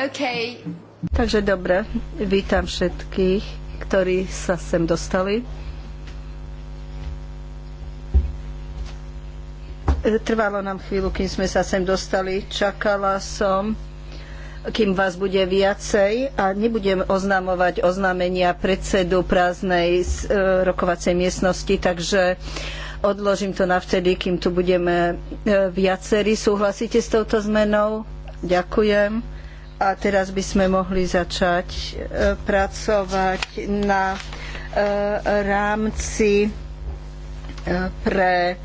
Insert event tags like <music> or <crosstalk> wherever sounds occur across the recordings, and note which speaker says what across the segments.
Speaker 1: Okay.
Speaker 2: Takže dobre, vítam všetkých, ktorí sa sem dostali. E, trvalo nám chvíľu, kým sme sa sem dostali. Čakala som, kým vás bude viacej a nebudem oznamovať oznámenia predsedu prázdnej e, rokovacej miestnosti, takže odložím to na vtedy, kým tu budeme e, viacerí. Súhlasíte s touto zmenou? Ďakujem. A teraz by sme mohli začať e, pracovať na e, rámci e, pre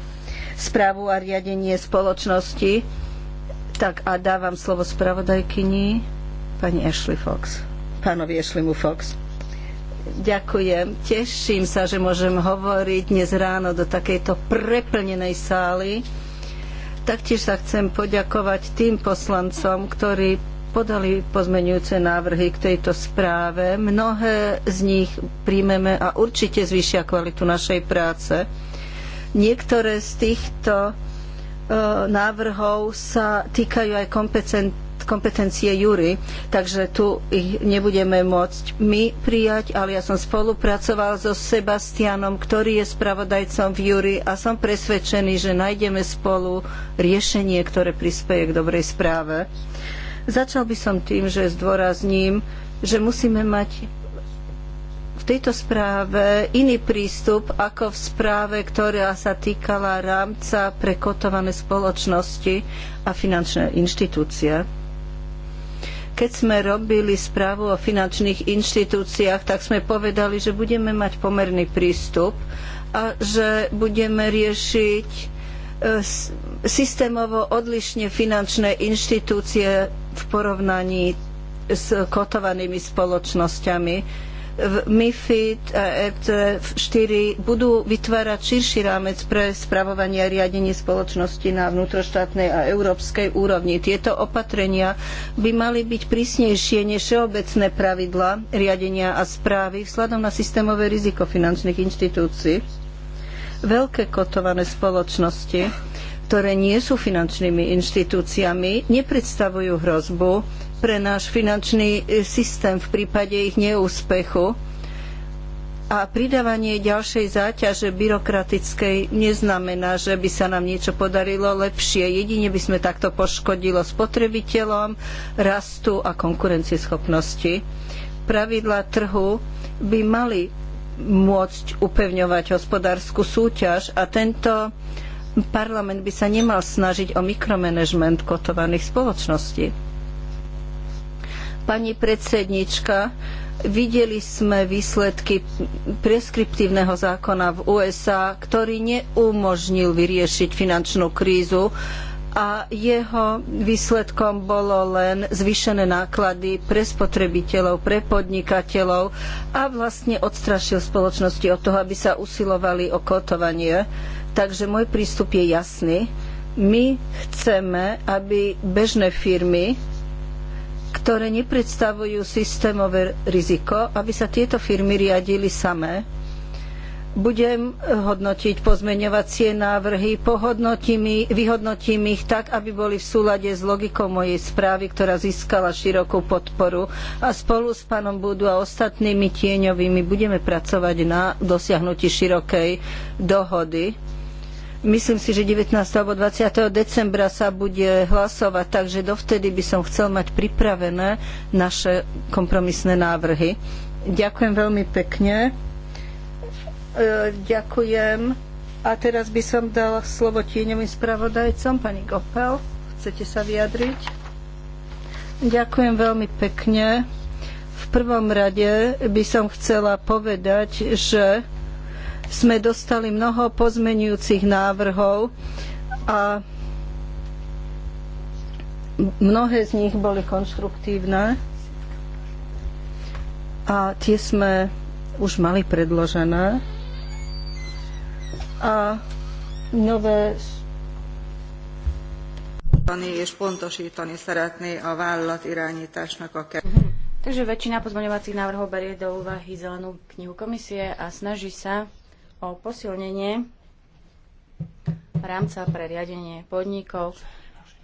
Speaker 2: správu a riadenie spoločnosti. Tak a dávam slovo spravodajkyni pani Ashley Fox, pánovi Ashleymu Fox. Ďakujem. Teším sa, že môžem hovoriť dnes ráno do takejto preplnenej sály. Taktiež sa chcem poďakovať tým poslancom, ktorí podali pozmenujúce návrhy k tejto správe. Mnohé z nich príjmeme a určite zvýšia kvalitu našej práce. Niektoré z týchto e, návrhov sa týkajú aj kompetencie Jury, takže tu ich nebudeme môcť my prijať, ale ja som spolupracoval so Sebastianom, ktorý je spravodajcom v jury a som presvedčený, že nájdeme spolu riešenie, ktoré prispeje k dobrej správe. Začal by som tým, že zdôrazním, že musíme mať v tejto správe iný prístup ako v správe, ktorá sa týkala rámca pre kotované spoločnosti a finančné inštitúcie. Keď sme robili správu o finančných inštitúciách, tak sme povedali, že budeme mať pomerný prístup a že budeme riešiť E, systémovo odlišne finančné inštitúcie v porovnaní s kotovanými spoločnosťami. MIFID a ET 4 budú vytvárať širší rámec pre spravovanie a riadenie spoločnosti na vnútroštátnej a európskej úrovni. Tieto opatrenia by mali byť prísnejšie než všeobecné pravidlá riadenia a správy vzhľadom na systémové riziko finančných inštitúcií veľké kotované spoločnosti, ktoré nie sú finančnými inštitúciami, nepredstavujú hrozbu pre náš finančný e, systém v prípade ich neúspechu a pridávanie ďalšej záťaže byrokratickej neznamená, že by sa nám niečo podarilo lepšie. Jedine by sme takto poškodilo spotrebiteľom, rastu a konkurencieschopnosti. Pravidlá trhu by mali môcť upevňovať hospodárskú súťaž a tento parlament by sa nemal snažiť o mikromanagement kotovaných spoločností. Pani predsednička, videli sme výsledky preskriptívneho zákona v USA, ktorý neumožnil vyriešiť finančnú krízu, a jeho výsledkom bolo len zvýšené náklady pre spotrebiteľov, pre podnikateľov a vlastne odstrašil spoločnosti od toho, aby sa usilovali o kotovanie. Takže môj prístup je jasný. My chceme, aby bežné firmy, ktoré nepredstavujú systémové riziko, aby sa tieto firmy riadili samé budem hodnotiť pozmeňovacie návrhy, pohodnotím, vyhodnotím ich tak, aby boli v súlade s logikou mojej správy, ktorá získala širokú podporu. A spolu s pánom Budu a ostatnými tieňovými budeme pracovať na dosiahnutí širokej dohody. Myslím si, že 19. alebo 20. decembra sa bude hlasovať, takže dovtedy by som chcel mať pripravené naše kompromisné návrhy. Ďakujem veľmi pekne. Ďakujem. A teraz by som dala slovo tieňovým spravodajcom. Pani Gopel, chcete sa vyjadriť? Ďakujem veľmi pekne. V prvom rade by som chcela povedať, že sme dostali mnoho pozmenujúcich návrhov a mnohé z nich boli konštruktívne a tie sme už mali predložené a nové
Speaker 1: és pontosítani szeretné a vállalat irányításnak a mhm.
Speaker 3: Takže väčšina pozmeňovacích návrhov berie do úvahy zelenú knihu komisie a snaží sa o posilnenie rámca pre riadenie podnikov.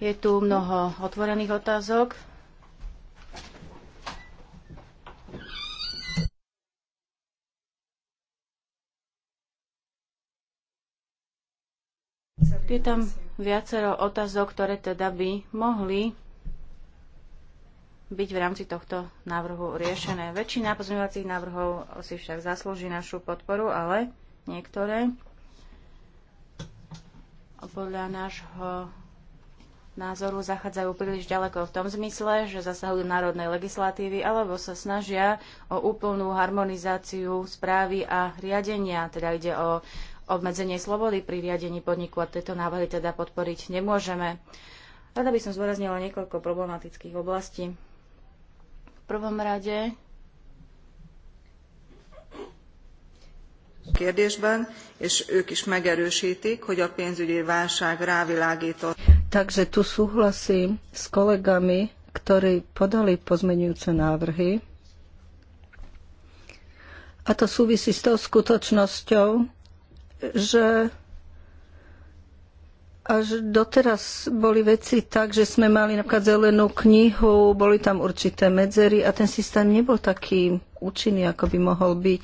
Speaker 3: Je tu mnoho otvorených otázok, Je tam viacero otázok, ktoré teda by mohli byť v rámci tohto návrhu riešené. Väčšina pozmeňovacích návrhov si však zaslúži našu podporu, ale niektoré podľa nášho názoru zachádzajú príliš ďaleko v tom zmysle, že zasahujú národnej legislatívy alebo sa snažia o úplnú harmonizáciu správy a riadenia, teda ide o obmedzenie slobody pri riadení podniku a tieto návrhy teda podporiť nemôžeme. Rada by som zvoraznila niekoľko problematických oblastí. V prvom rade
Speaker 2: Takže tu súhlasím s kolegami, ktorí podali pozmenujúce návrhy. A to súvisí s tou skutočnosťou, že až doteraz boli veci tak, že sme mali napríklad zelenú knihu, boli tam určité medzery a ten systém nebol taký účinný, ako by mohol byť.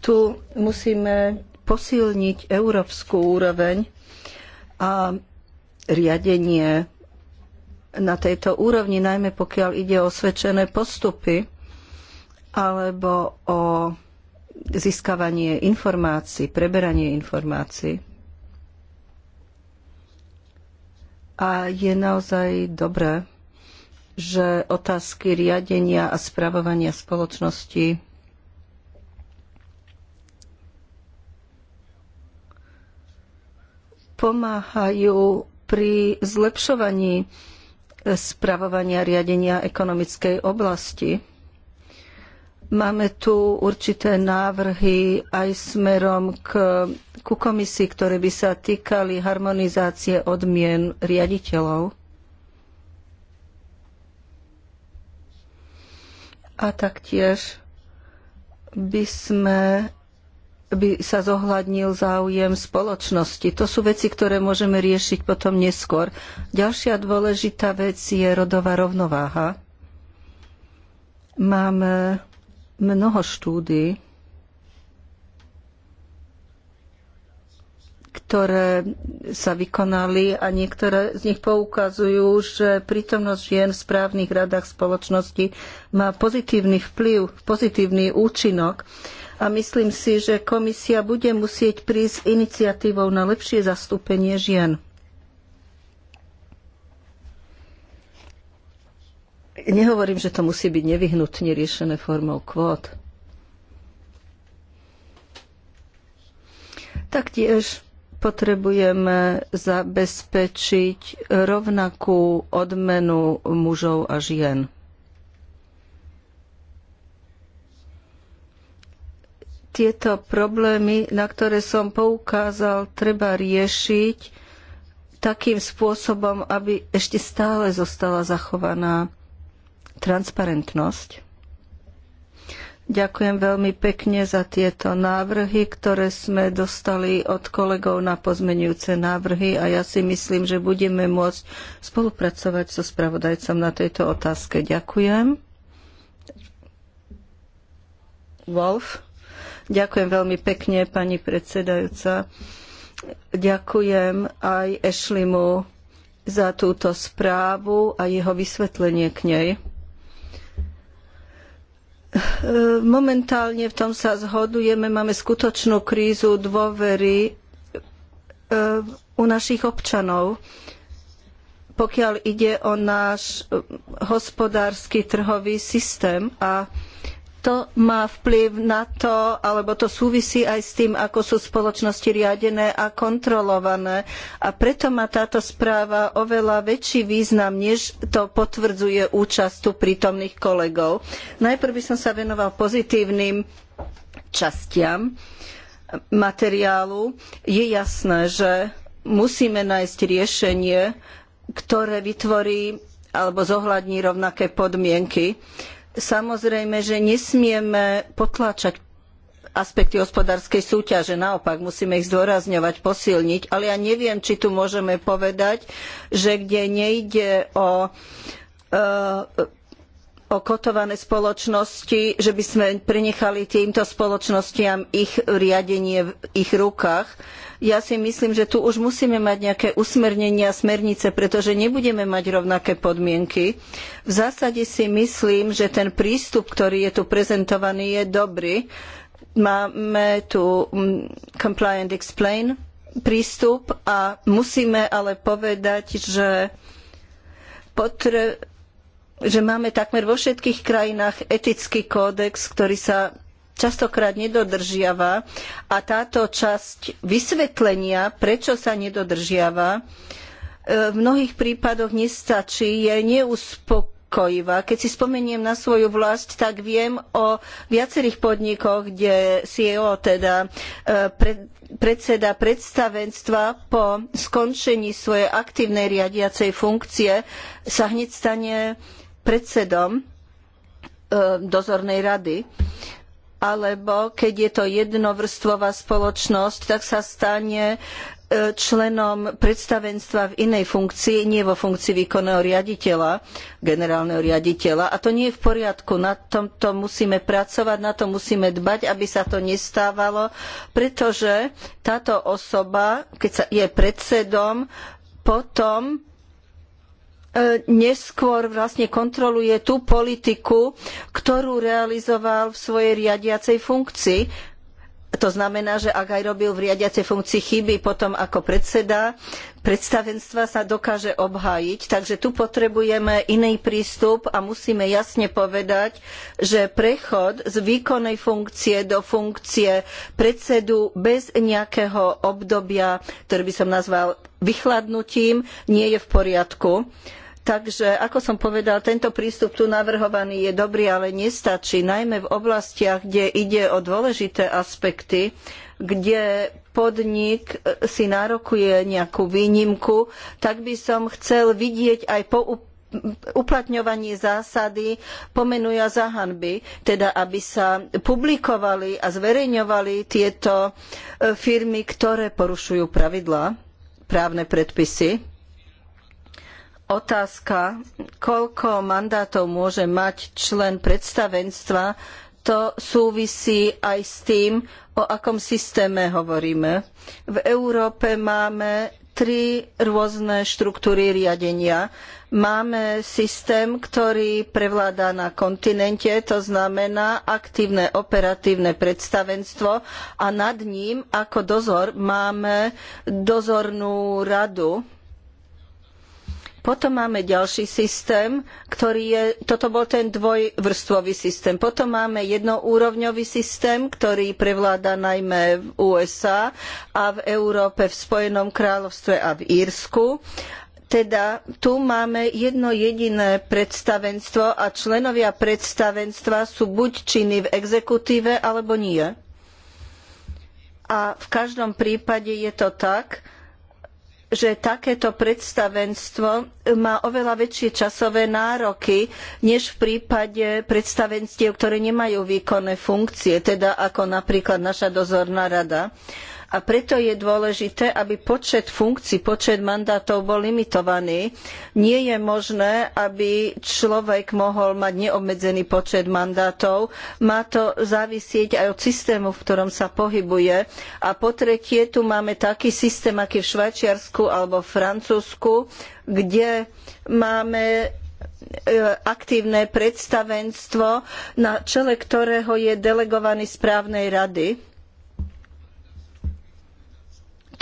Speaker 2: Tu musíme posilniť európsku úroveň a riadenie na tejto úrovni, najmä pokiaľ ide o osvedčené postupy alebo o získavanie informácií, preberanie informácií. A je naozaj dobré, že otázky riadenia a spravovania spoločnosti pomáhajú pri zlepšovaní spravovania riadenia ekonomickej oblasti. Máme tu určité návrhy aj smerom k, ku komisii, ktoré by sa týkali harmonizácie odmien riaditeľov. A taktiež by, sme, by sa zohľadnil záujem spoločnosti. To sú veci, ktoré môžeme riešiť potom neskôr. Ďalšia dôležitá vec je rodová rovnováha. Máme mnoho štúdí, ktoré sa vykonali a niektoré z nich poukazujú, že prítomnosť žien v správnych radách spoločnosti má pozitívny vplyv, pozitívny účinok. A myslím si, že komisia bude musieť prísť iniciatívou na lepšie zastúpenie žien. Nehovorím, že to musí byť nevyhnutne riešené formou kvót. Taktiež potrebujeme zabezpečiť rovnakú odmenu mužov a žien. Tieto problémy, na ktoré som poukázal, treba riešiť takým spôsobom, aby ešte stále zostala zachovaná transparentnosť. Ďakujem veľmi pekne za tieto návrhy, ktoré sme dostali od kolegov na pozmenujúce návrhy a ja si myslím, že budeme môcť spolupracovať so spravodajcom na tejto otázke. Ďakujem. Wolf. Ďakujem veľmi pekne, pani predsedajúca. Ďakujem aj Ešlimu za túto správu a jeho vysvetlenie k nej. Eh, momentálne v tom sa zhodujeme, máme skutočnú krízu dôvery eh, u našich občanov pokiaľ ide o náš eh, hospodársky trhový systém a to má vplyv na to, alebo to súvisí aj s tým, ako sú spoločnosti riadené a kontrolované. A preto má táto správa oveľa väčší význam, než to potvrdzuje účasť tu prítomných kolegov. Najprv by som sa venoval pozitívnym častiam materiálu. Je jasné, že musíme nájsť riešenie, ktoré vytvorí alebo zohľadní rovnaké podmienky. Samozrejme, že nesmieme potláčať aspekty hospodárskej súťaže. Naopak, musíme ich zdôrazňovať, posilniť. Ale ja neviem, či tu môžeme povedať, že kde nejde o, e, o kotované spoločnosti, že by sme prenechali týmto spoločnostiam ich riadenie v ich rukách ja si myslím, že tu už musíme mať nejaké usmernenia, smernice, pretože nebudeme mať rovnaké podmienky. V zásade si myslím, že ten prístup, ktorý je tu prezentovaný, je dobrý. Máme tu mm, comply and explain prístup a musíme ale povedať, že potre- že máme takmer vo všetkých krajinách etický kódex, ktorý sa častokrát nedodržiava a táto časť vysvetlenia, prečo sa nedodržiava, e, v mnohých prípadoch nestačí, je neuspokojivá Keď si spomeniem na svoju vlast, tak viem o viacerých podnikoch, kde CEO, teda e, predseda predstavenstva, po skončení svojej aktívnej riadiacej funkcie sa hneď stane predsedom e, dozornej rady alebo keď je to jednovrstvová spoločnosť, tak sa stane e, členom predstavenstva v inej funkcii, nie vo funkcii výkonného riaditeľa, generálneho riaditeľa. A to nie je v poriadku. Na tomto musíme pracovať, na to musíme dbať, aby sa to nestávalo, pretože táto osoba, keď je predsedom, potom E, neskôr vlastne kontroluje tú politiku, ktorú realizoval v svojej riadiacej funkcii. To znamená, že ak aj robil v riadiacej funkcii chyby, potom ako predseda predstavenstva sa dokáže obhájiť. Takže tu potrebujeme iný prístup a musíme jasne povedať, že prechod z výkonnej funkcie do funkcie predsedu bez nejakého obdobia, ktoré by som nazval vychladnutím, nie je v poriadku Takže, ako som povedal, tento prístup tu navrhovaný je dobrý, ale nestačí, najmä v oblastiach, kde ide o dôležité aspekty, kde podnik si nárokuje nejakú výnimku, tak by som chcel vidieť aj po uplatňovanie zásady pomenuja za teda aby sa publikovali a zverejňovali tieto e, firmy, ktoré porušujú pravidlá, právne predpisy otázka, koľko mandátov môže mať člen predstavenstva, to súvisí aj s tým, o akom systéme hovoríme. V Európe máme tri rôzne štruktúry riadenia. Máme systém, ktorý prevláda na kontinente, to znamená aktívne operatívne predstavenstvo a nad ním ako dozor máme dozornú radu potom máme ďalší systém, ktorý je, toto bol ten dvojvrstvový systém. Potom máme jednoúrovňový systém, ktorý prevláda najmä v USA a v Európe, v Spojenom kráľovstve a v Írsku. Teda tu máme jedno jediné predstavenstvo a členovia predstavenstva sú buď činní v exekutíve alebo nie. A v každom prípade je to tak, že takéto predstavenstvo má oveľa väčšie časové nároky, než v prípade predstavenstiev, ktoré nemajú výkonné funkcie, teda ako napríklad naša dozorná rada. A preto je dôležité, aby počet funkcií, počet mandátov bol limitovaný. Nie je možné, aby človek mohol mať neobmedzený počet mandátov. Má to závisieť aj od systému, v ktorom sa pohybuje. A po tretie, tu máme taký systém, aký v Švajčiarsku alebo v Francúzsku, kde máme e, aktívne predstavenstvo, na čele ktorého je delegovaný správnej rady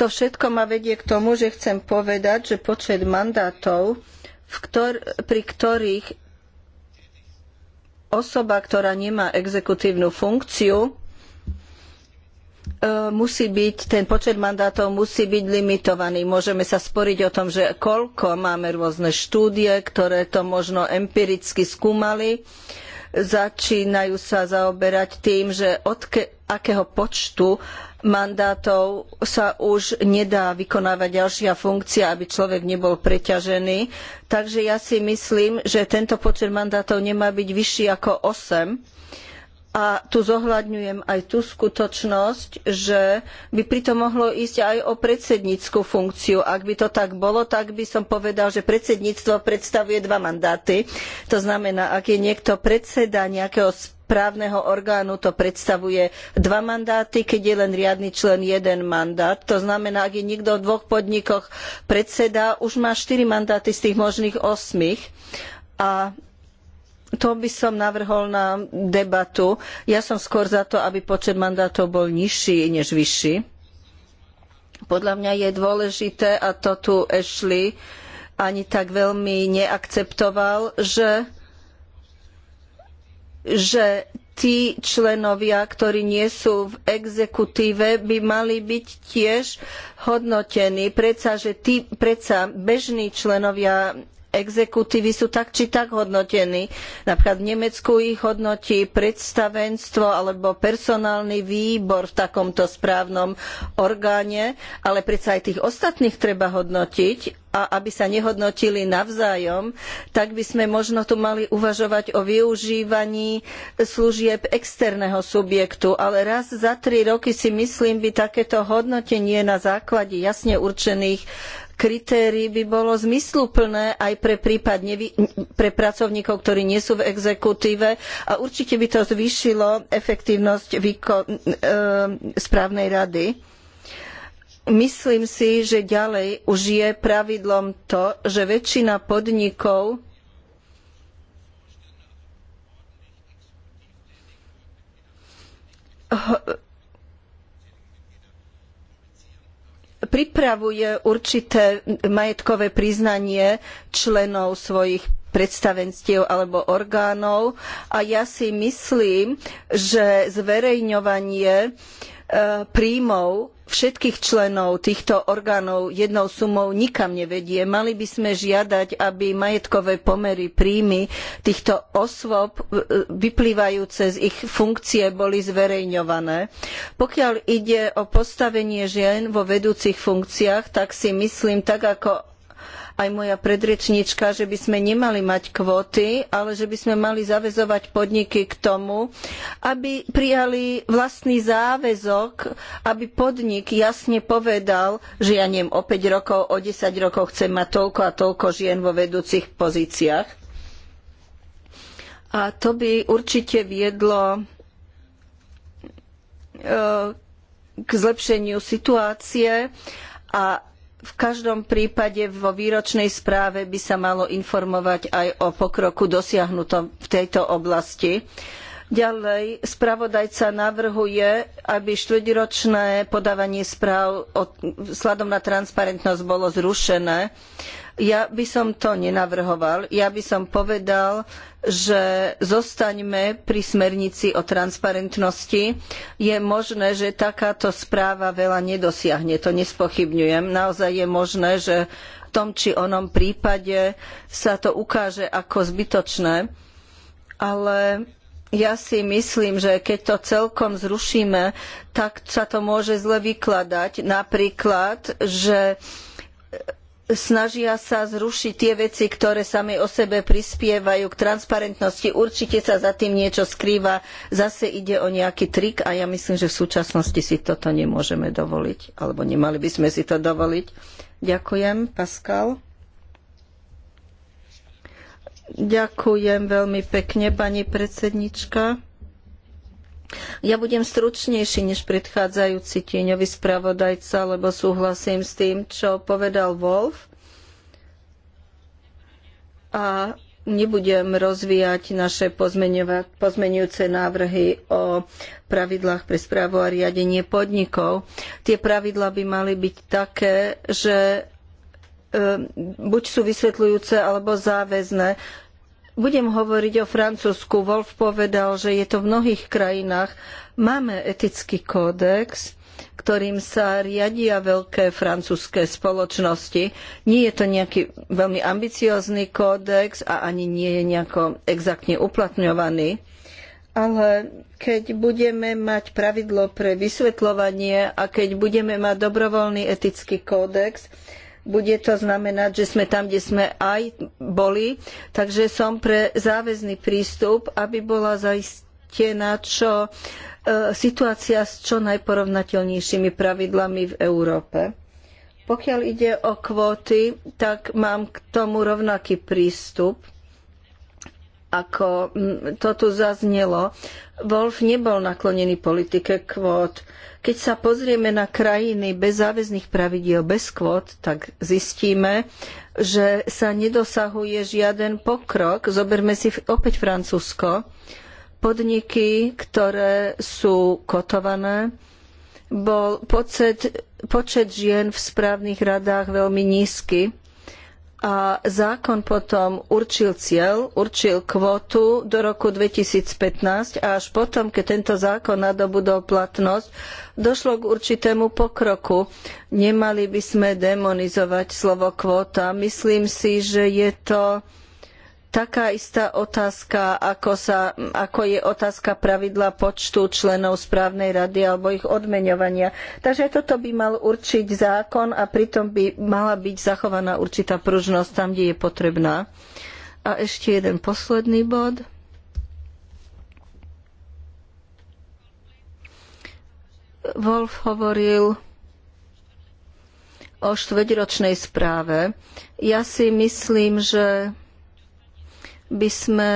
Speaker 2: to všetko ma vedie k tomu, že chcem povedať, že počet mandátov, ktor pri ktorých osoba, ktorá nemá exekutívnu funkciu, e, musí byť, ten počet mandátov musí byť limitovaný. Môžeme sa sporiť o tom, že koľko máme rôzne štúdie, ktoré to možno empiricky skúmali. Začínajú sa zaoberať tým, že od akého počtu mandátov sa už nedá vykonávať ďalšia funkcia, aby človek nebol preťažený. Takže ja si myslím, že tento počet mandátov nemá byť vyšší ako 8. A tu zohľadňujem aj tú skutočnosť, že by pritom mohlo ísť aj o predsednícku funkciu. Ak by to tak bolo, tak by som povedal, že predsedníctvo predstavuje dva mandáty. To znamená, ak je niekto predseda nejakého právneho orgánu to predstavuje dva mandáty, keď je len riadny člen jeden mandát. To znamená, ak je niekto v dvoch podnikoch predseda, už má štyri mandáty z tých možných osmých. A to by som navrhol na debatu. Ja som skôr za to, aby počet mandátov bol nižší než vyšší. Podľa mňa je dôležité, a to tu Ashley ani tak veľmi neakceptoval, že že tí členovia, ktorí nie sú v exekutíve, by mali byť tiež hodnotení. Predsa, že tí, predsa bežní členovia exekutívy sú tak či tak hodnotení. Napríklad v Nemecku ich hodnotí predstavenstvo alebo personálny výbor v takomto správnom orgáne, ale predsa aj tých ostatných treba hodnotiť a aby sa nehodnotili navzájom, tak by sme možno tu mali uvažovať o využívaní služieb externého subjektu. Ale raz za tri roky si myslím, by takéto hodnotenie na základe jasne určených kritérií by bolo zmysluplné aj pre prípad pre pracovníkov, ktorí nie sú v exekutíve a určite by to zvýšilo efektívnosť výkon, e, správnej rady. Myslím si, že ďalej už je pravidlom to, že väčšina podnikov ho, pripravuje určité majetkové priznanie členov svojich predstavenstiev alebo orgánov a ja si myslím, že zverejňovanie príjmov všetkých členov týchto orgánov jednou sumou nikam nevedie. Mali by sme žiadať, aby majetkové pomery príjmy týchto osôb e, vyplývajúce z ich funkcie boli zverejňované. Pokiaľ ide o postavenie žien vo vedúcich funkciách, tak si myslím, tak ako aj moja predrečníčka, že by sme nemali mať kvóty, ale že by sme mali zavezovať podniky k tomu, aby prijali vlastný záväzok, aby podnik jasne povedal, že ja neviem, o 5 rokov, o 10 rokov chcem mať toľko a toľko žien vo vedúcich pozíciách. A to by určite viedlo e, k zlepšeniu situácie a v každom prípade vo výročnej správe by sa malo informovať aj o pokroku dosiahnutom v tejto oblasti. Ďalej, spravodajca navrhuje, aby štvrťročné podávanie správ sladom na transparentnosť bolo zrušené. Uh, ja by som to nenavrhoval. Ja by som povedal, že zostaňme pri smernici o transparentnosti. Je možné, že takáto správa veľa nedosiahne, to nespochybňujem. Naozaj je možné, že v tom či onom prípade sa to ukáže ako zbytočné, ale ja si myslím, že keď to celkom zrušíme, tak sa to môže zle vykladať. Napríklad, že snažia sa zrušiť tie veci, ktoré sami o sebe prispievajú k transparentnosti. Určite sa za tým niečo skrýva. Zase ide o nejaký trik a ja myslím, že v súčasnosti si toto nemôžeme dovoliť. Alebo nemali by sme si to dovoliť. Ďakujem, Pascal. Ďakujem veľmi pekne, pani predsednička. Ja budem stručnejší než predchádzajúci tieňový spravodajca, lebo súhlasím s tým, čo povedal Wolf. A nebudem rozvíjať naše pozmenujúce návrhy o pravidlách pre správu a riadenie podnikov. Tie pravidlá by mali byť také, že e, buď sú vysvetľujúce alebo záväzné, budem hovoriť o Francúzsku. Wolf povedal, že je to v mnohých krajinách. Máme etický kódex, ktorým sa riadia veľké francúzske spoločnosti. Nie je to nejaký veľmi ambiciózny kódex a ani nie je nejako exaktne uplatňovaný. Ale keď budeme mať pravidlo pre vysvetľovanie a keď budeme mať dobrovoľný etický kódex, bude to znamenať, že sme tam, kde sme aj boli, takže som pre záväzný prístup, aby bola zaistená čo, e, situácia s čo najporovnateľnejšími pravidlami v Európe. Pokiaľ ide o kvóty, tak mám k tomu rovnaký prístup ako to tu zaznelo, Wolf nebol naklonený politike kvót. Keď sa pozrieme na krajiny bez záväzných pravidiel, bez kvót, tak zistíme, že sa nedosahuje žiaden pokrok. Zoberme si opäť Francúzsko. Podniky, ktoré sú kotované, bol počet, počet žien v správnych radách veľmi nízky a zákon potom určil cieľ, určil kvótu do roku 2015 a až potom, keď tento zákon nadobudol platnosť, došlo k určitému pokroku. Nemali by sme demonizovať slovo kvóta. Myslím si, že je to taká istá otázka, ako, sa, ako je otázka pravidla počtu členov správnej rady alebo ich odmeňovania. Takže toto by mal určiť zákon a pritom by mala byť zachovaná určitá pružnosť tam, kde je potrebná. A ešte jeden posledný bod. Wolf hovoril o štvrťročnej správe. Ja si myslím, že by sme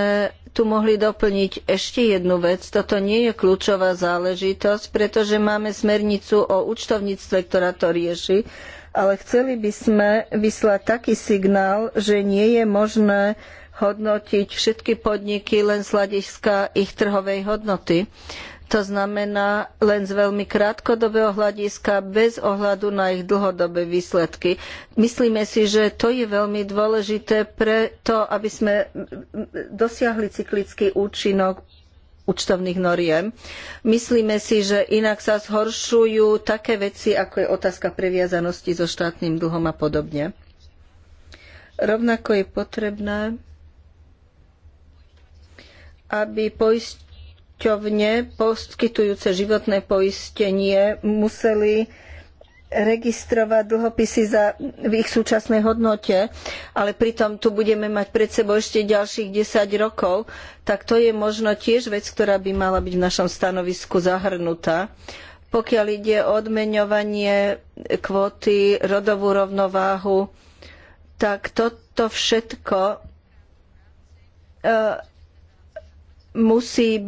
Speaker 2: tu mohli doplniť ešte jednu vec. Toto nie je kľúčová záležitosť, pretože máme smernicu o účtovníctve, ktorá to rieši, ale chceli by sme vyslať taký signál, že nie je možné hodnotiť všetky podniky len z hľadiska ich trhovej hodnoty. To znamená len z veľmi krátkodobého hľadiska, bez ohľadu na ich dlhodobé výsledky. Myslíme si, že to je veľmi dôležité pre to, aby sme dosiahli cyklický účinok účtovných noriem. Myslíme si, že inak sa zhoršujú také veci, ako je otázka previazanosti so štátnym dlhom a podobne. Rovnako je potrebné, aby poist poisťovne poskytujúce životné poistenie museli registrovať dlhopisy za, v ich súčasnej hodnote, ale pritom tu budeme mať pred sebou ešte ďalších 10 rokov, tak to je možno tiež vec, ktorá by mala byť v našom stanovisku zahrnutá. Pokiaľ ide o odmeňovanie kvóty, rodovú rovnováhu, tak toto všetko e, musí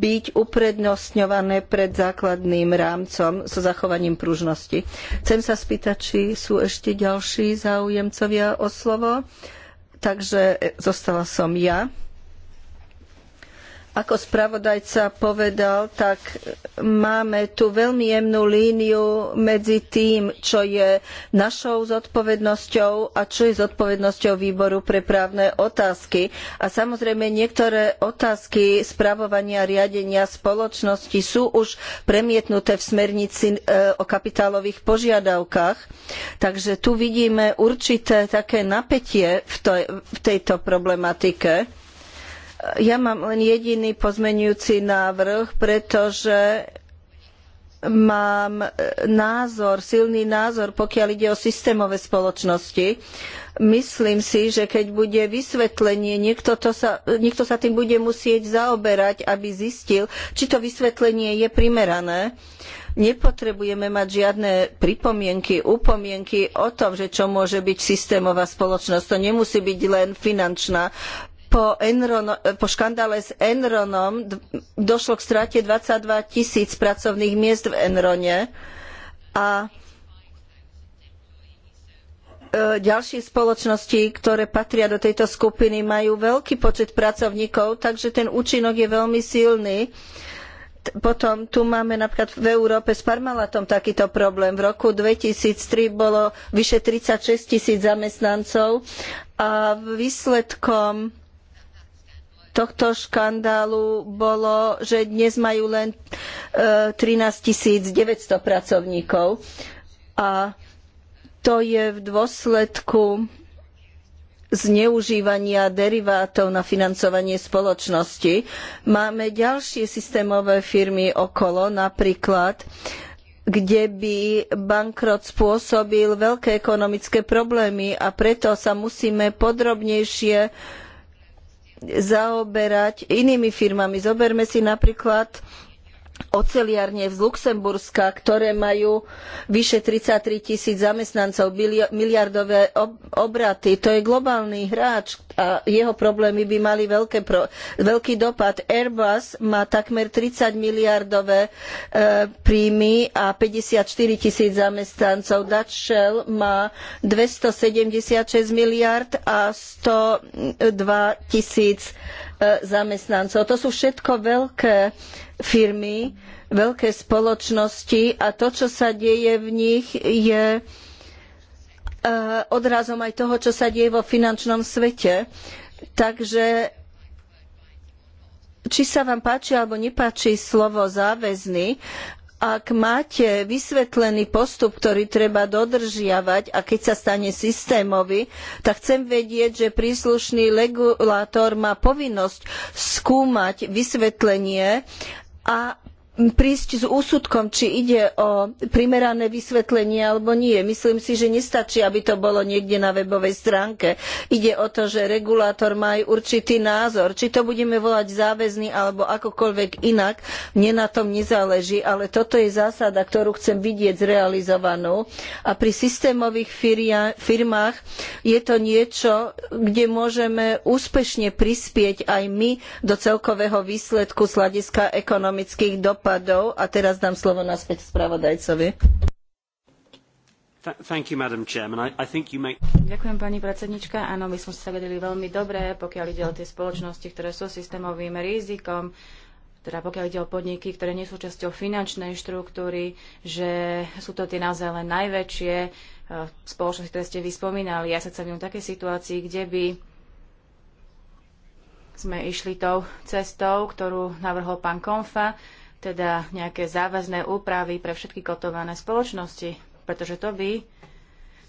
Speaker 2: byť uprednostňované pred základným rámcom so zachovaním pružnosti. Chcem sa spýtať, či sú ešte ďalší záujemcovia o slovo. Takže e, zostala som ja. Ako spravodajca povedal, tak máme tu veľmi jemnú líniu medzi tým, čo je našou zodpovednosťou a čo je zodpovednosťou výboru pre právne otázky. A samozrejme niektoré otázky spravovania riadenia spoločnosti sú už premietnuté v smernici e, o kapitálových požiadavkách. Takže tu vidíme určité také napätie v, tejto problematike ja mám len jediný pozmenujúci návrh, pretože mám e, názor, silný názor, pokiaľ ide o systémové spoločnosti. Myslím si, že keď bude vysvetlenie, niekto, sa, niekto sa tým bude musieť zaoberať, aby zistil, či to vysvetlenie je primerané. Nepotrebujeme mať žiadne pripomienky, upomienky o tom, že čo môže byť systémová spoločnosť. To nemusí byť len finančná po, škandále s Enronom došlo k strate 22 tisíc pracovných miest v Enrone a e, ďalšie spoločnosti, ktoré patria do tejto skupiny, majú veľký počet pracovníkov, takže ten účinok je veľmi silný. Potom tu máme napríklad v Európe s Parmalatom takýto problém. V roku 2003 bolo vyše 36 tisíc zamestnancov a výsledkom tohto škandálu bolo, že dnes majú len 13 e, 900 pracovníkov. A to je v dôsledku zneužívania derivátov na financovanie spoločnosti. Máme ďalšie systémové firmy okolo, napríklad kde by bankrot spôsobil veľké ekonomické problémy a preto sa musíme podrobnejšie zaoberať inými firmami. Zoberme si napríklad oceliarne z Luxemburska, ktoré majú vyše three tisíc zamestnancov, miliardové obraty. To je globálny hráč a jeho problémy by mali pro, veľký dopad. Airbus má takmer 30 miliardové e, príjmy a 54 tisíc zamestnancov. Dutch Shell má 276 miliard a 102 tisíc E, zamestnancov. To sú všetko veľké firmy, veľké spoločnosti a to, čo sa deje v nich, je e, odrazom aj toho, čo sa deje vo finančnom svete. Takže či sa vám páči alebo nepáči slovo záväzný, ak máte vysvetlený postup, ktorý treba dodržiavať a keď sa stane systémový, tak chcem vedieť, že príslušný regulátor má povinnosť skúmať vysvetlenie a prísť s úsudkom, či ide o primerané vysvetlenie alebo nie. Myslím si, že nestačí, aby to bolo niekde na webovej stránke. Ide o to, že regulátor má aj určitý názor. Či to budeme volať záväzný alebo akokoľvek inak, mne na tom nezáleží, ale toto je zásada, ktorú chcem vidieť zrealizovanú. A pri systémových firmách je to niečo, kde môžeme úspešne prispieť aj my do celkového výsledku z hľadiska ekonomických dopadov dopadov. A teraz dám slovo naspäť spravodajcovi.
Speaker 3: You, I, Ďakujem, pani predsednička. Áno, my sme sa vedeli veľmi dobre, pokiaľ ide o tie spoločnosti, ktoré sú systémovým rizikom, teda pokiaľ ide o podniky, ktoré nie sú časťou finančnej štruktúry, že sú to tie naozaj len najväčšie eh, spoločnosti, ktoré ste vyspomínali. Ja sa chcem v takej situácii, kde by sme išli tou cestou, ktorú navrhol pán Konfa, teda nejaké záväzné úpravy pre všetky kotované spoločnosti, pretože to by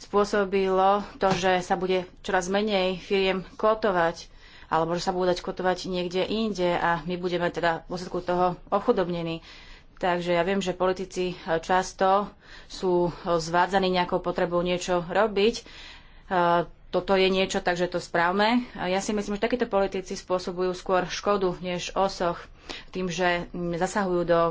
Speaker 3: spôsobilo to, že sa bude čoraz menej firiem kotovať alebo že sa budú dať kotovať niekde inde a my budeme teda v posledku toho ochudobnení. Takže ja viem, že politici e, často sú e, zvádzaní nejakou potrebou niečo robiť. E, toto je niečo, takže to správme. Ja si myslím, že takíto politici spôsobujú skôr škodu než osoch tým, že zasahujú do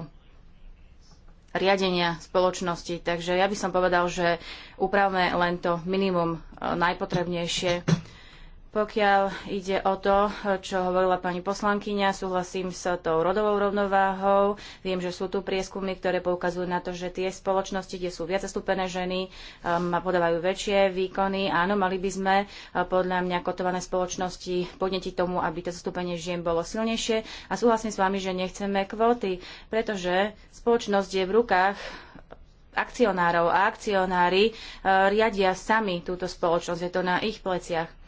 Speaker 3: riadenia spoločnosti. Takže ja by som povedal, že upravme len to minimum e, najpotrebnejšie pokiaľ ide o to, čo hovorila pani poslankyňa, súhlasím s tou rodovou rovnováhou. Viem, že sú tu prieskumy, ktoré poukazujú na to, že tie spoločnosti, kde sú viac zastúpené ženy, um, podávajú väčšie výkony. Áno, mali by sme uh, podľa mňa kotované spoločnosti podnetiť tomu, aby to zastúpenie žien bolo silnejšie. A súhlasím s vami, že nechceme kvóty, pretože spoločnosť je v rukách akcionárov a akcionári uh, riadia sami túto spoločnosť. Je to na ich pleciach.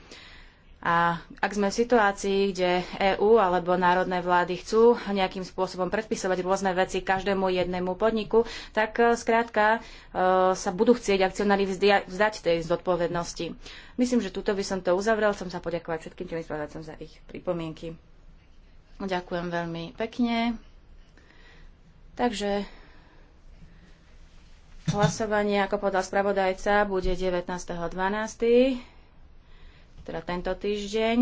Speaker 3: A ak sme v situácii, kde EÚ alebo národné vlády chcú nejakým spôsobom predpisovať rôzne veci každému jednému podniku, tak e, skrátka e, sa budú chcieť akcionári vzdať tej zodpovednosti. Myslím, že tuto by som to uzavrel. Chcem sa poďakovať všetkým tým spravodajcom za ich pripomienky. Ďakujem veľmi pekne. Takže hlasovanie, ako podal spravodajca, bude 19.12 teda tento týždeň.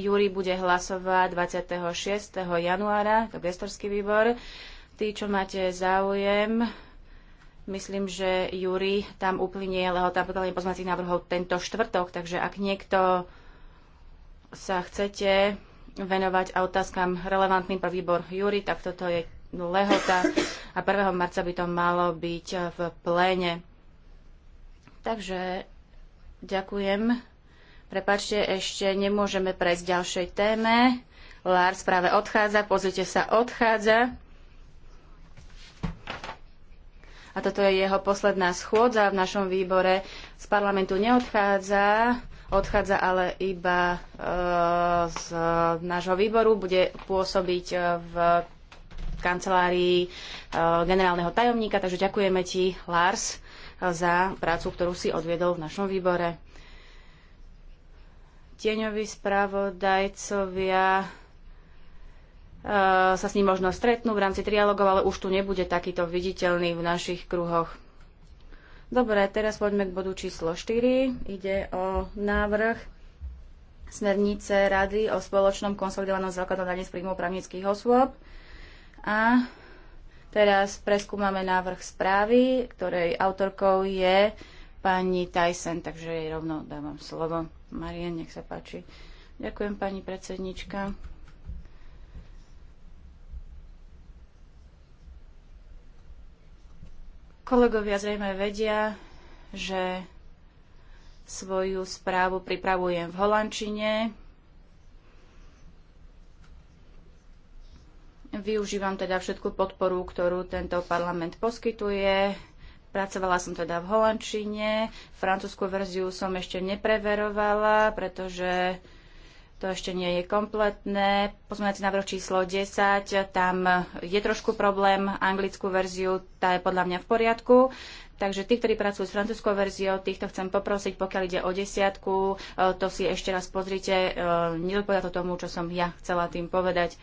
Speaker 3: Júri bude hlasovať 26. januára, to gestorský výbor. Tí, čo máte záujem, myslím, že Júri tam uplynie lehota podľa pozmacích návrhov tento štvrtok, takže ak niekto sa chcete venovať a otázkam relevantným pre výbor Júri, tak toto je lehota a 1. marca by to malo byť v pléne. Takže ďakujem Prepačte, ešte nemôžeme prejsť ďalšej téme. Lars práve odchádza, pozrite sa, odchádza. A toto je jeho posledná schôdza v našom výbore. Z parlamentu neodchádza, odchádza ale iba eh, z nášho výboru, bude pôsobiť eh, v kancelárii eh, generálneho tajomníka, takže ďakujeme ti, Lars, za prácu, ktorú si odviedol v našom výbore. Tieňoví správodajcovia eh, sa s ním možno stretnú v rámci trialogov, ale už tu nebude takýto viditeľný v našich kruhoch. Dobre, teraz poďme k bodu číslo 4. Ide o návrh smernice Rady o spoločnom konsolidovanom základnom dane z príjmov právnických osôb. A teraz preskúmame návrh správy, ktorej autorkou je pani Tyson, takže jej rovno dávam slovo nech sa páči. Ďakujem, pani predsednička. Kolegovia zrejme vedia, že svoju správu pripravujem v holandčine. Využívam teda všetku podporu, ktorú tento parlament poskytuje Pracovala som teda v holandčine, francúzskú verziu som ešte nepreverovala, pretože to ešte nie je kompletné. Pozmeňací návrh číslo 10, tam je trošku problém, anglickú verziu, tá je podľa mňa v poriadku. Takže tí, ktorí pracujú s francúzskou verziou, týchto chcem poprosiť, pokiaľ ide o desiatku, e, to si ešte raz pozrite, e, nedopovedá to tomu, čo som ja chcela tým povedať. Uh,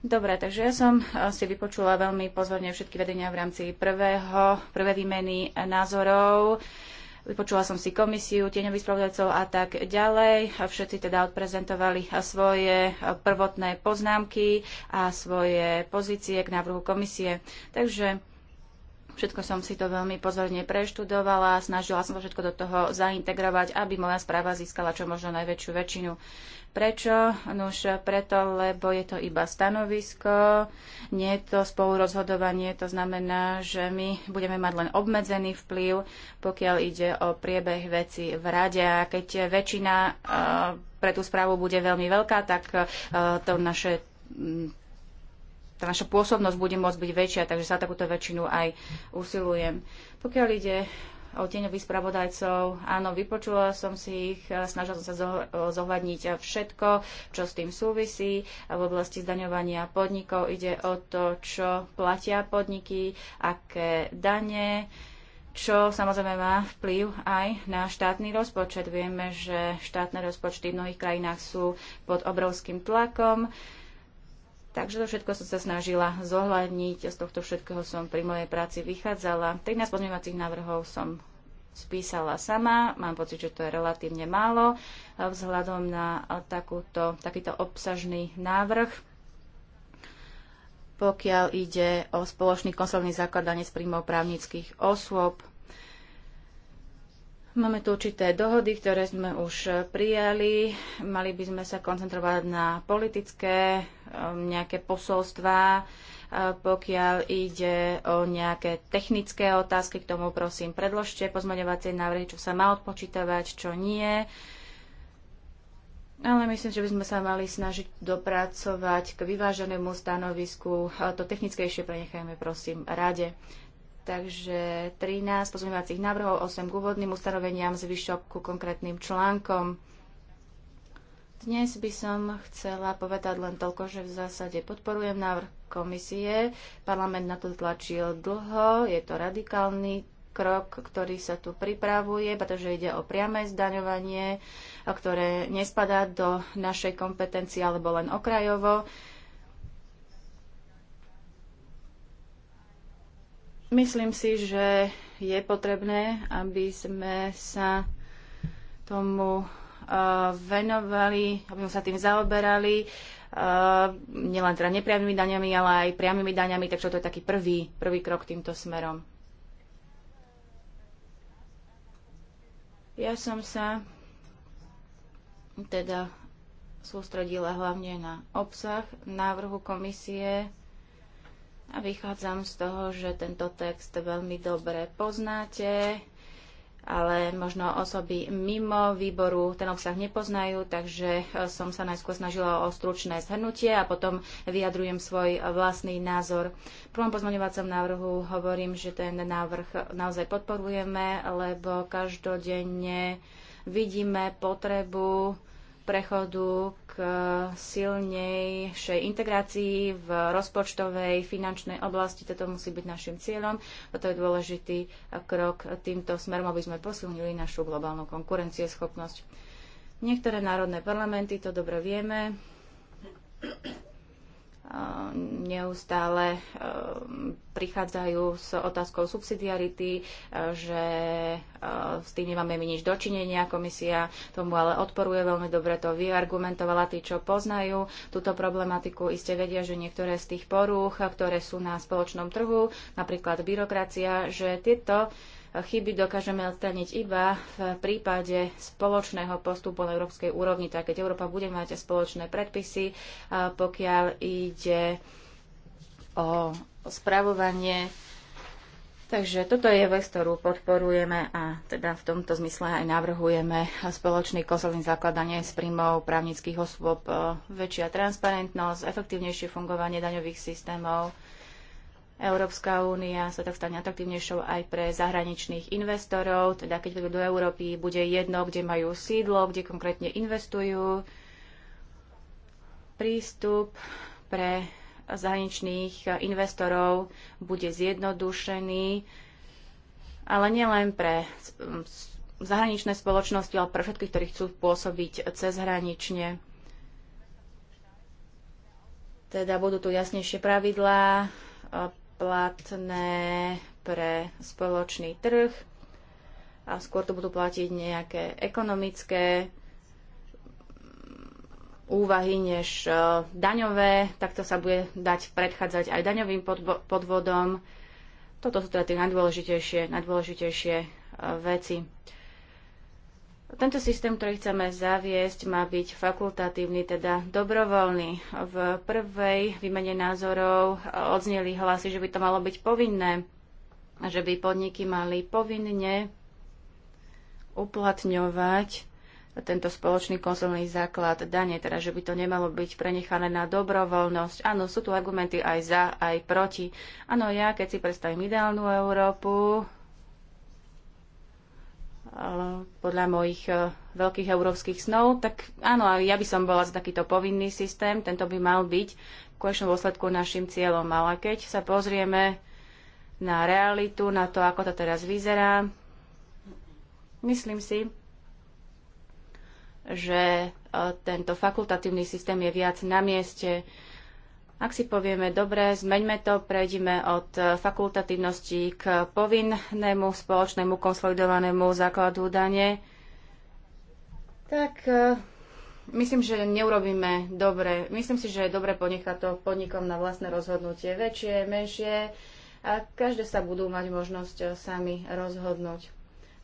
Speaker 3: Dobre, takže ja som eh, si vypočula veľmi pozorne všetky vedenia v rámci prvého, prvé výmeny názorov. Vypočula som si komisiu, tieňových spravodajcov a tak ďalej. Všetci teda odprezentovali svoje eh, prvotné poznámky a svoje pozície k návrhu komisie. Takže Všetko som si to veľmi pozorne preštudovala, snažila som to všetko do toho zaintegrovať, aby moja správa získala čo možno najväčšiu väčšinu. Prečo? Nuž preto, lebo je to iba stanovisko, nie je to spolurozhodovanie, to znamená, že my budeme mať len obmedzený vplyv, pokiaľ ide o priebeh veci v rade. A keď väčšina eh, pre tú správu bude veľmi veľká, tak eh, to naše mm, tá naša pôsobnosť bude môcť byť väčšia, takže sa takúto väčšinu aj usilujem. Pokiaľ ide o tieňových spravodajcov. Áno, vypočula som si ich, snažila som sa zohľadniť všetko, čo s tým súvisí. V oblasti zdaňovania podnikov ide o to, čo platia podniky, aké dane, čo samozrejme má vplyv aj na štátny rozpočet. Vieme, že štátne rozpočty v mnohých krajinách sú pod obrovským tlakom. Takže to všetko som sa snažila zohľadniť. Z tohto všetkého som pri mojej práci vychádzala. 13 pozmeňovacích návrhov som spísala sama. Mám pocit, že to je relatívne málo eh, vzhľadom na eh, takúto, takýto obsažný návrh. Pokiaľ ide o spoločný konsolný základ dane z príjmov právnických osôb, Máme tu určité dohody, ktoré sme už e, prijali. Mali by sme sa koncentrovať na politické e, nejaké posolstvá. E, pokiaľ ide o nejaké technické otázky, k tomu prosím predložte pozmaňovacie návrhy, čo sa má odpočítavať, čo nie. Ale myslím, že by sme sa mali snažiť dopracovať k vyváženému stanovisku. To technickejšie prenechajme prosím rade. Takže 13 pozmeňovacích návrhov, 8 k úvodným ustanoveniam, zvyšok ku konkrétnym článkom. Dnes by som chcela povedať len toľko, že v zásade podporujem návrh komisie. Parlament na to tlačil dlho, je to radikálny krok, ktorý sa tu pripravuje, pretože ide o priame zdaňovanie, ktoré nespadá do našej kompetencie alebo len okrajovo. Myslím si, že je potrebné, aby sme sa tomu eh, venovali, aby sme sa tým zaoberali, eh, nielen teda nepriamými daňami, ale aj priamými daňami, takže to je taký prvý, prvý krok týmto smerom. Ja som sa teda sústredila hlavne na obsah návrhu komisie a vychádzam z toho, že tento text veľmi dobre poznáte, ale možno osoby mimo výboru ten obsah nepoznajú, takže e, som sa najskôr snažila o stručné zhrnutie a potom vyjadrujem svoj vlastný názor. V prvom pozmaňovacom návrhu hovorím, že ten návrh naozaj podporujeme, lebo každodenne vidíme potrebu prechodu k silnejšej integrácii v rozpočtovej, finančnej oblasti. Toto musí byť našim cieľom. Toto je dôležitý krok týmto smerom, aby sme posilnili našu globálnu konkurencieschopnosť. Niektoré národné parlamenty, to dobre vieme, neustále eh, prichádzajú s otázkou subsidiarity, eh, že eh, s tým nemáme my nič dočinenia. Komisia tomu ale odporuje, veľmi dobre to vyargumentovala. Tí, čo poznajú túto problematiku, iste vedia, že niektoré z tých porúch, ktoré sú na spoločnom trhu, napríklad byrokracia, že tieto chyby dokážeme odstrániť iba v prípade spoločného postupu na európskej úrovni, tak keď Európa bude mať spoločné predpisy, pokiaľ ide o spravovanie. Takže toto je vec, ktorú podporujeme a teda v tomto zmysle aj navrhujeme spoločný kosovný zakladanie s príjmov právnických osôb, väčšia transparentnosť, efektívnejšie fungovanie daňových systémov, Európska únia sa tak stane atraktívnejšou aj pre zahraničných investorov, teda keď prídu do Európy, bude jedno, kde majú sídlo, kde konkrétne investujú. Prístup pre zahraničných investorov bude zjednodušený, ale nielen pre zahraničné spoločnosti, ale pre všetkých, ktorí chcú pôsobiť cezhranične. Teda budú tu jasnejšie pravidlá, platné pre spoločný trh a skôr to budú platiť nejaké ekonomické úvahy než e, daňové, takto sa bude dať predchádzať aj daňovým podvodom. Toto sú teda tie najdôležitejšie, najdôležitejšie e, veci. Tento systém, ktorý chceme zaviesť, má byť fakultatívny, teda dobrovoľný. V prvej výmene názorov odzneli hlasy, že by to malo byť povinné, že by podniky mali povinne uplatňovať tento spoločný konzolný základ dane, teda že by to nemalo byť prenechané na dobrovoľnosť. Áno, sú tu argumenty aj za, aj proti. Áno, ja keď si predstavím ideálnu Európu, podľa mojich e, veľkých európskych snov, tak áno, ja by som bola za takýto povinný systém, tento by mal byť v konečnom dôsledku našim cieľom. Ale keď sa pozrieme na realitu, na to, ako to teraz vyzerá, myslím si, že e, tento fakultatívny systém je viac na mieste, ak si povieme, dobre, zmeňme to, prejdime od fakultatívnosti k povinnému spoločnému konsolidovanému základu dane, tak e, myslím, že neurobíme dobre. Myslím si, že je dobre ponechať to podnikom na vlastné rozhodnutie, väčšie, menšie a každé sa budú mať možnosť e, sami rozhodnúť.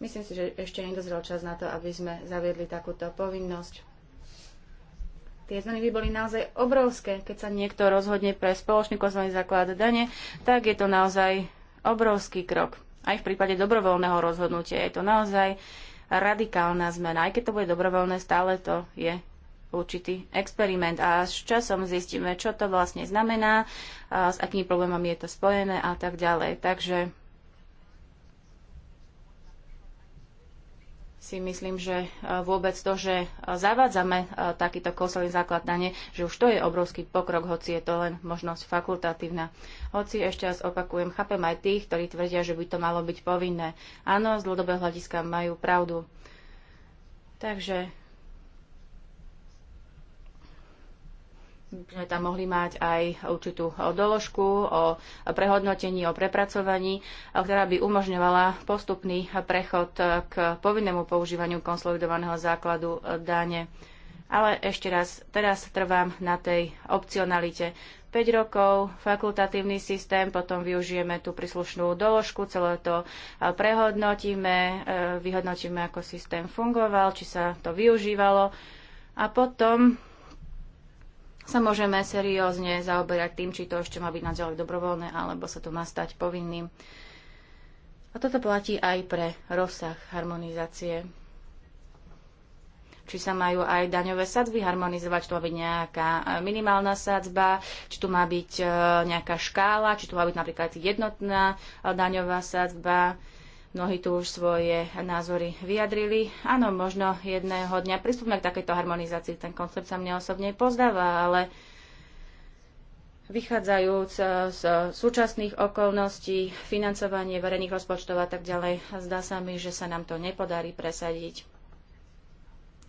Speaker 3: Myslím si, že ešte nedozrel čas na to, aby sme zaviedli takúto povinnosť tie zmeny by boli naozaj obrovské. Keď sa niekto rozhodne pre spoločný kozmový základ dane, tak je to naozaj obrovský krok. Aj v prípade dobrovoľného rozhodnutia je to naozaj radikálna zmena. Aj keď to bude dobrovoľné, stále to je určitý experiment a s časom zistíme, čo to vlastne znamená, s akými problémami je to spojené a tak ďalej. Takže si myslím, že e, vôbec to, že e, zavádzame e, takýto kouselný základ dane, že už to je obrovský pokrok, hoci je to len možnosť fakultatívna. Hoci ešte raz opakujem, chápem aj tých, ktorí tvrdia, že by to malo byť povinné. Áno, z dlhodobého hľadiska majú pravdu. Takže sme tam mohli mať aj určitú doložku o prehodnotení, o prepracovaní, ktorá by umožňovala postupný prechod k povinnému používaniu konsolidovaného základu dane. Ale ešte raz, teraz trvám na tej opcionalite. 5 rokov, fakultatívny systém, potom využijeme tú príslušnú doložku, celé to prehodnotíme, eh, vyhodnotíme, ako systém fungoval, či sa to využívalo. A potom sa môžeme seriózne zaoberať tým, či to ešte má byť naďalej dobrovoľné, alebo sa to má stať povinným. A toto platí aj pre rozsah harmonizácie. Či sa majú aj daňové sadzby harmonizovať, či tu má byť nejaká e, minimálna sadzba, či tu má byť e, nejaká škála, či tu má byť napríklad jednotná e, daňová sadzba Mnohí tu už svoje názory vyjadrili. Áno, možno jedného dňa pristúpme k takejto harmonizácii. Ten koncept sa mne osobne pozdáva, ale vychádzajúc e, z súčasných okolností, financovanie verejných rozpočtov a tak ďalej, zdá sa mi, že sa nám to nepodarí presadiť.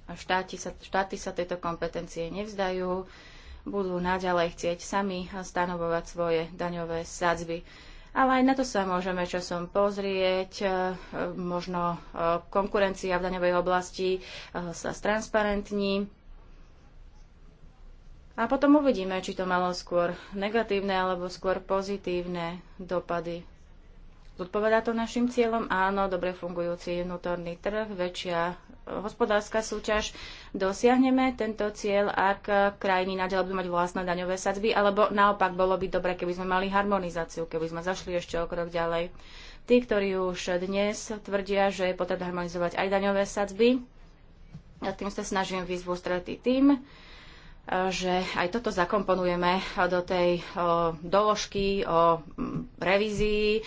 Speaker 3: A štáty sa, štáty sa tejto kompetencie nevzdajú, budú naďalej chcieť sami stanovovať svoje daňové sadzby ale aj na to sa môžeme časom pozrieť. E, možno e, konkurencia v daňovej oblasti e, sa stransparentní. A potom uvidíme, či to malo skôr negatívne alebo skôr pozitívne dopady. Zodpovedá to našim cieľom? Áno, dobre fungujúci vnútorný trh, väčšia hospodárska súťaž, dosiahneme tento cieľ, ak krajiny naďalej budú mať vlastné daňové sadzby, alebo naopak bolo by dobre, keby sme mali harmonizáciu, keby sme zašli ešte o krok ďalej. Tí, ktorí už dnes tvrdia, že je potrebné harmonizovať aj daňové sadzby, ja tým sa snažím výzvu stretý tým, že aj toto zakomponujeme do tej doložky o revízii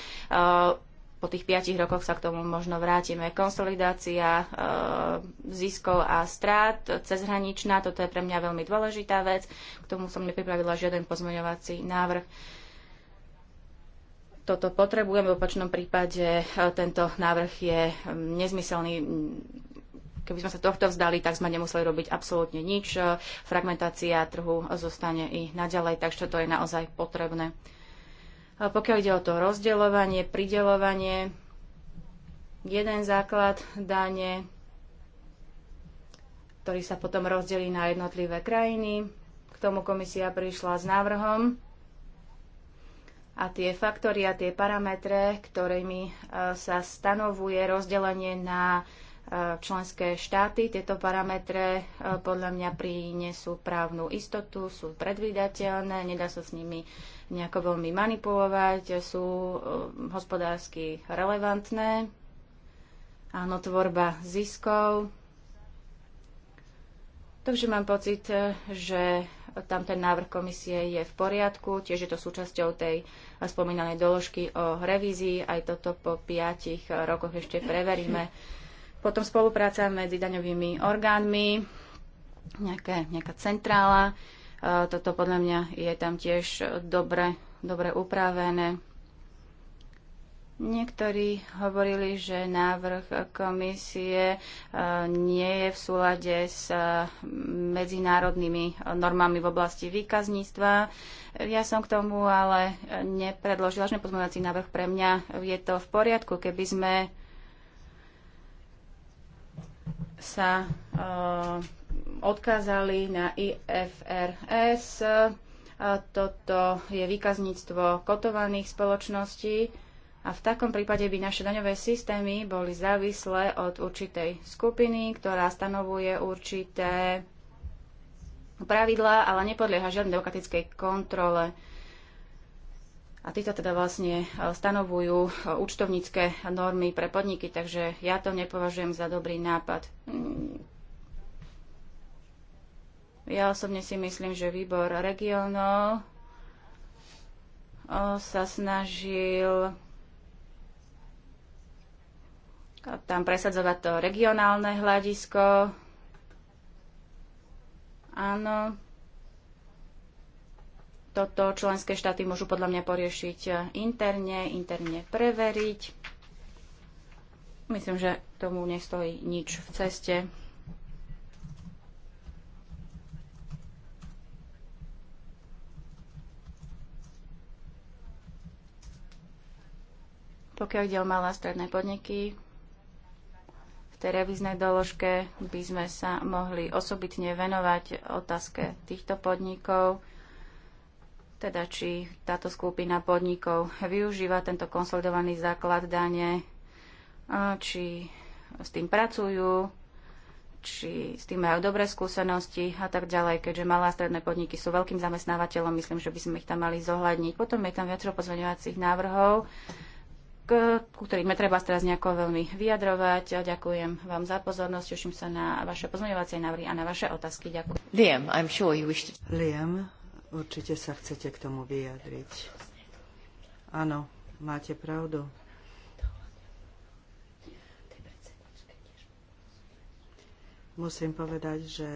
Speaker 3: po tých piatich rokoch sa k tomu možno vrátime. Konsolidácia e, ziskov a strát cezhraničná, toto je pre mňa veľmi dôležitá vec. K tomu som nepripravila žiaden pozmeňovací návrh. Toto potrebujem, v opačnom prípade e, tento návrh je nezmyselný. Keby sme sa tohto vzdali, tak sme nemuseli robiť absolútne nič. E, fragmentácia trhu zostane i naďalej, takže to je naozaj potrebné. Pokiaľ ide o to rozdeľovanie, pridelovanie, jeden základ dane, ktorý sa potom rozdelí na jednotlivé krajiny. K tomu komisia prišla s návrhom a tie faktory a tie parametre, ktorými e, sa stanovuje rozdelenie na členské štáty. Tieto parametre e, podľa mňa prinesú právnu istotu, sú predvídateľné, nedá sa s nimi nejako veľmi manipulovať, sú e, hospodársky relevantné. Áno, tvorba ziskov. Takže mám pocit, e, že tam ten návrh komisie je v poriadku, tiež je to súčasťou tej spomínanej doložky o revízii, aj toto po piatich rokoch ešte preveríme. Potom spolupráca medzi daňovými orgánmi, nejaké, nejaká centrála. E, toto podľa mňa je tam tiež dobre, dobre upravené. Niektorí hovorili, že návrh komisie e, nie je v súlade s e, medzinárodnými normami v oblasti výkazníctva. Ja som k tomu ale nepredložila žiadny pozmeňovací návrh. Pre mňa je to v poriadku, keby sme sa eh, odkázali na IFRS. Toto je výkazníctvo kotovaných spoločností a v takom prípade by naše daňové systémy boli závislé od určitej skupiny, ktorá stanovuje určité pravidlá, ale nepodlieha žiadnej demokratickej kontrole. A títo teda vlastne e, stanovujú e, účtovnícke normy pre podniky, takže ja to nepovažujem za dobrý nápad. Mm. Ja osobne si myslím, že výbor regionov e, sa snažil tam presadzovať to regionálne hľadisko. Áno, toto členské štáty môžu podľa mňa poriešiť eh, interne, interne preveriť. Myslím, že tomu nestojí nič v ceste. Pokiaľ ide o malé a stredné podniky, v tej revíznej doložke by sme sa mohli osobitne venovať otázke týchto podnikov teda či táto skupina podnikov využíva tento konsolidovaný základ dane, či s tým pracujú, či s tým majú dobré skúsenosti a tak ďalej, keďže malé a stredné podniky sú veľkým zamestnávateľom, myslím, že by sme ich tam mali zohľadniť. Potom je tam viacero pozmeňovacích návrhov, ku ktorým netreba teraz nejako veľmi vyjadrovať. Ďakujem vám za pozornosť, teším sa na vaše pozmeňovacie návrhy a na vaše otázky. Ďakujem.
Speaker 1: Liam, I'm sure you wish to... Liam, Určite sa chcete k tomu vyjadriť. Áno, máte pravdu. Musím povedať, že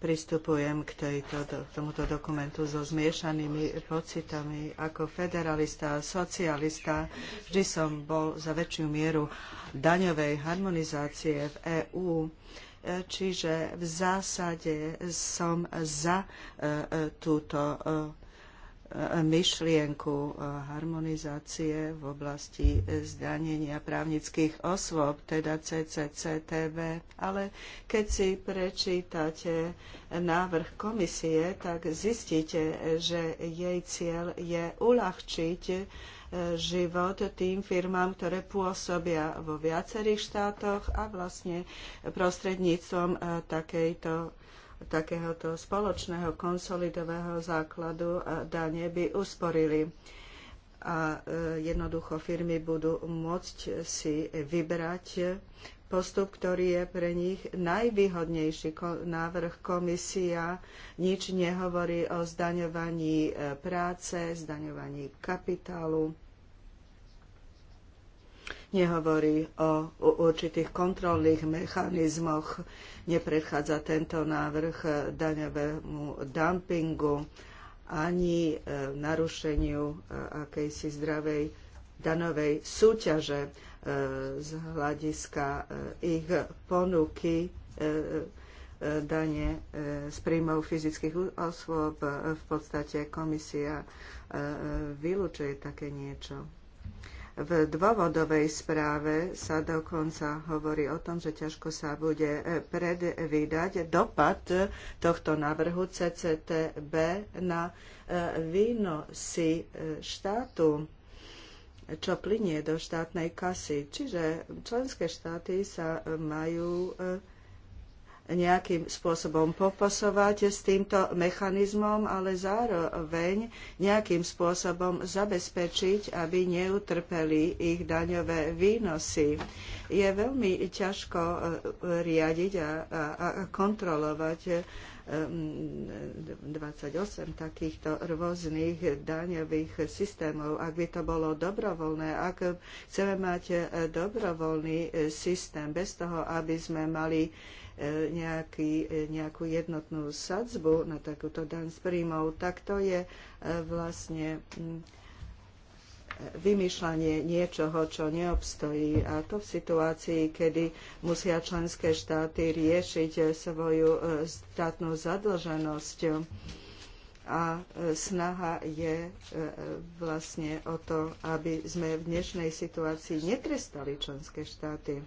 Speaker 1: pristupujem k, tejto, tomuto dokumentu so zmiešanými pocitami. Ako federalista a socialista vždy som bol za väčšiu mieru daňovej harmonizácie v EÚ. Čiže v zásade som za e, e, túto e, myšlienku harmonizácie v oblasti zdanenia právnických osôb, teda CCCTV. Ale keď si prečítate návrh komisie, tak zistíte, že jej cieľ je uľahčiť život tým firmám, ktoré pôsobia vo viacerých štátoch a vlastne prostredníctvom eh, takejto takéhoto spoločného konsolidového základu eh, dane by usporili. A eh, jednoducho firmy budú môcť si vybrať postup, ktorý je pre nich najvýhodnejší. Návrh komisia nič nehovorí o zdaňovaní práce, zdaňovaní kapitálu nehovorí o určitých kontrolných mechanizmoch, nepredchádza tento návrh e, daňovému dumpingu ani e, narušeniu e, akejsi zdravej danovej súťaže z hľadiska ich ponuky dane z príjmov fyzických osôb. V podstate komisia vylúčuje také niečo. V dôvodovej správe sa dokonca hovorí o tom, že ťažko sa bude e, predvídať dopad tohto návrhu CCTB na e, výnosy e, štátu čo plinie do štátnej kasy. Čiže členské štáty sa majú nejakým spôsobom popasovať s týmto mechanizmom, ale zároveň nejakým spôsobom zabezpečiť, aby neutrpeli ich daňové výnosy. Je veľmi ťažko e, riadiť a, a, a kontrolovať 28 e, takýchto rôznych daňových systémov. Ak by to bolo dobrovoľné, ak chceme mať e, dobrovoľný systém bez toho, aby sme mali E, nejaký, e, nejakú jednotnú sadzbu na takúto daň z príjmov, tak to je e, vlastne mm, vymýšľanie niečoho, čo neobstojí. A to v situácii, kedy musia členské štáty riešiť svoju štátnu zadlženosť. A snaha je vlastne o to, aby sme v dnešnej situácii netrestali členské štáty.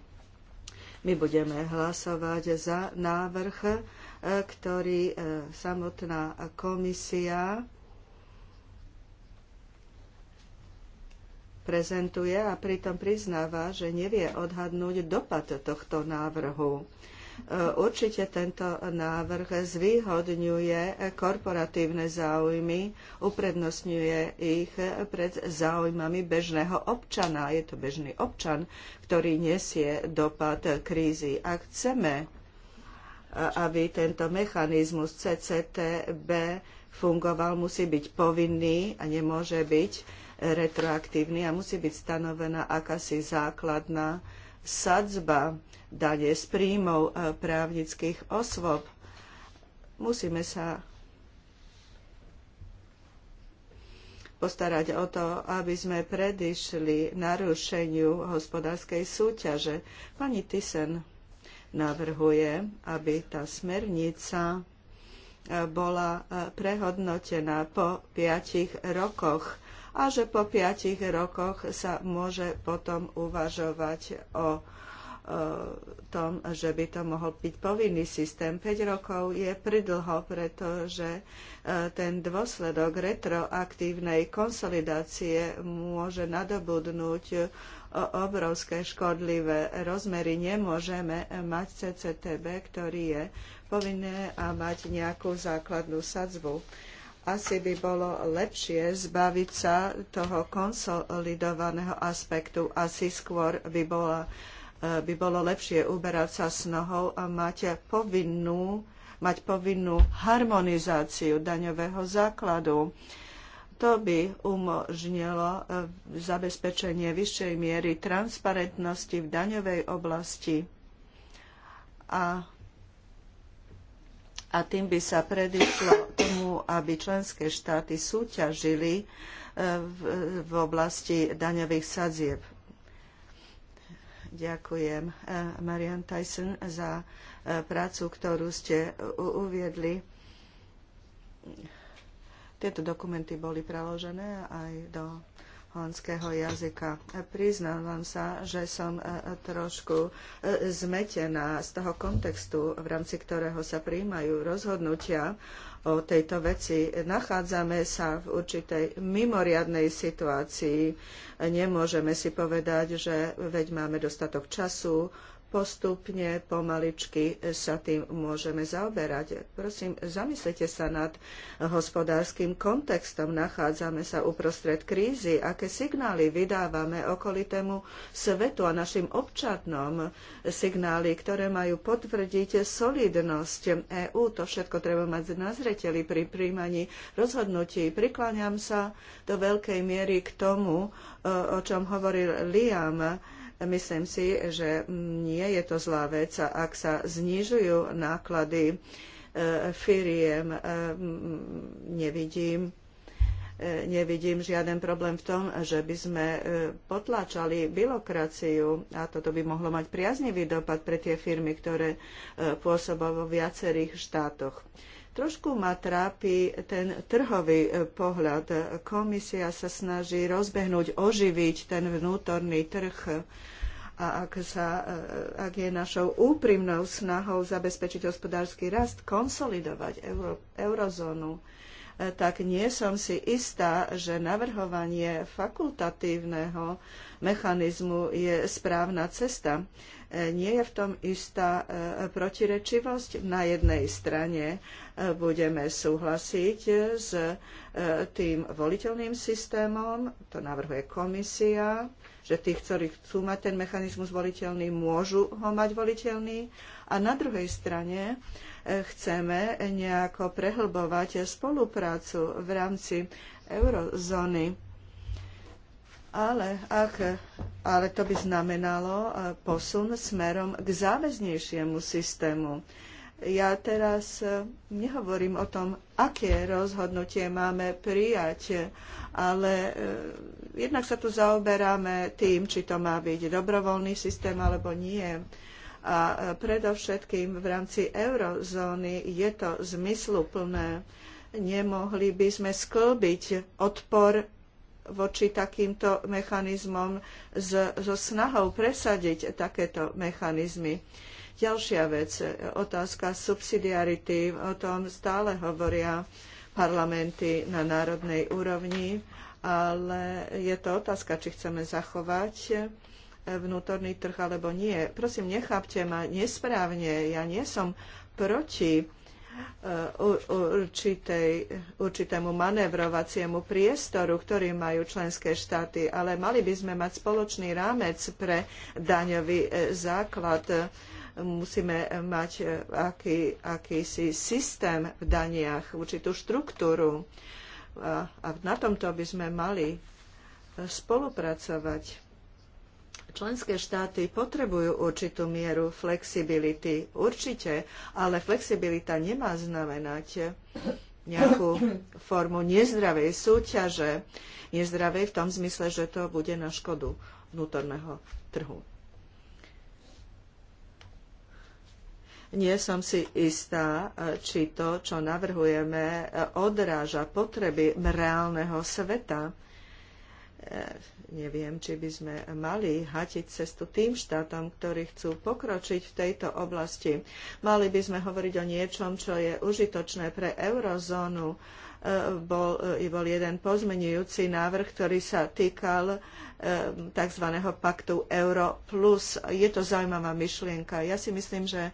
Speaker 1: My budeme hlasovať za návrh, e, ktorý e, samotná komisia prezentuje a pritom priznáva, že nevie odhadnúť dopad tohto návrhu. E, určite tento návrh zvýhodňuje korporatívne záujmy, uprednostňuje ich pred záujmami bežného občana. Je to bežný občan, ktorý nesie dopad krízy. Ak chceme, e, aby tento mechanizmus CCTB fungoval, musí byť povinný a nemôže byť retroaktívny a musí byť stanovená akási základná sadzba dane z príjmov e, právnických osôb. Musíme sa postarať o to, aby sme predišli narušeniu hospodárskej súťaže. Pani Thyssen navrhuje, aby tá smernica e, bola e, prehodnotená po piatich rokoch a že po piatich rokoch sa môže potom uvažovať o E, tom, že by to mohol byť povinný systém. 5 rokov je pridlho, pretože e, ten dôsledok retroaktívnej konsolidácie môže nadobudnúť e, obrovské škodlivé rozmery. Nemôžeme mať CCTB, ktorý je povinné a mať nejakú základnú sadzbu asi by bolo lepšie zbaviť sa toho konsolidovaného aspektu. Asi skôr by bola by bolo lepšie uberať sa snohou a mať povinnú, mať povinnú harmonizáciu daňového základu. To by umožnilo eh, zabezpečenie vyššej miery transparentnosti v daňovej oblasti a, a tým by sa predišlo tomu, aby členské štáty súťažili eh, v, v oblasti daňových sadzieb. Ďakujem eh, Marian Tyson za eh, prácu, ktorú ste uviedli. Tieto dokumenty boli preložené aj do holandského jazyka. Priznávam sa, že som e, trošku e, zmetená z toho kontextu, v rámci ktorého sa príjmajú rozhodnutia o tejto veci. Nachádzame sa v určitej mimoriadnej situácii. Nemôžeme si povedať, že veď máme dostatok času, postupne, pomaličky sa tým môžeme zaoberať. Prosím, zamyslite sa nad hospodárskym kontextom. Nachádzame sa uprostred krízy. Aké signály vydávame okolitému svetu a našim občanom? Signály, ktoré majú potvrdiť solidnosť EÚ. To všetko treba mať na zreteli pri príjmaní rozhodnutí. Prikláňam sa do veľkej miery k tomu, o čom hovoril Liam Myslím si, že nie je to zlá vec, ak sa znižujú náklady e, firiem. E, nevidím e, nevidím žiaden problém v tom, že by sme potláčali byrokraciu a toto by mohlo mať priaznivý dopad pre tie firmy, ktoré pôsobia vo viacerých štátoch. Trošku ma trápi ten trhový e, pohľad. Komisia sa snaží rozbehnúť, oživiť ten vnútorný trh a ak, sa, e, ak je našou úprimnou snahou zabezpečiť hospodársky rast, konsolidovať euro, eurozónu, e, tak nie som si istá, že navrhovanie fakultatívneho mechanizmu je správna cesta. Nie je v tom istá e, protirečivosť. Na jednej strane e, budeme súhlasiť s e, tým voliteľným systémom, to navrhuje komisia, že tí, ktorí chcú mať ten mechanizmus voliteľný, môžu ho mať voliteľný. A na druhej strane chceme nejako prehlbovať spoluprácu v rámci eurozóny ale, ak, ale to by znamenalo e, posun smerom k záväznejšiemu systému. Ja teraz e, nehovorím o tom, aké rozhodnutie máme prijať, ale e, jednak sa tu zaoberáme tým, či to má byť dobrovoľný systém alebo nie. A predovšetkým v rámci eurozóny je to zmysluplné. Nemohli by sme sklbiť odpor voči takýmto mechanizmom so snahou presadiť takéto mechanizmy. Ďalšia vec, otázka subsidiarity, o tom stále hovoria parlamenty na národnej úrovni, ale je to otázka, či chceme zachovať vnútorný trh alebo nie. Prosím, nechápte ma nesprávne, ja nie som proti určitej, určitému manévrovaciemu priestoru, ktorý majú členské štáty, ale mali by sme mať spoločný rámec pre daňový e, základ. Musíme mať e, aký, akýsi systém v daniach, určitú štruktúru. A, a na tomto by sme mali e, spolupracovať Členské štáty potrebujú určitú mieru flexibility, určite, ale flexibilita nemá znamenať nejakú formu nezdravej súťaže. Nezdravej v tom zmysle, že to bude na škodu vnútorného trhu. Nie som si istá, či to, čo navrhujeme, odráža potreby reálneho sveta neviem, či by sme mali hatiť cestu tým štátom, ktorí chcú pokročiť v tejto oblasti. Mali by sme hovoriť o niečom, čo je užitočné pre eurozónu. E, bol, e, bol jeden pozmenujúci návrh, ktorý sa týkal e, tzv. paktu Euro plus. Je to zaujímavá myšlienka. Ja si myslím, že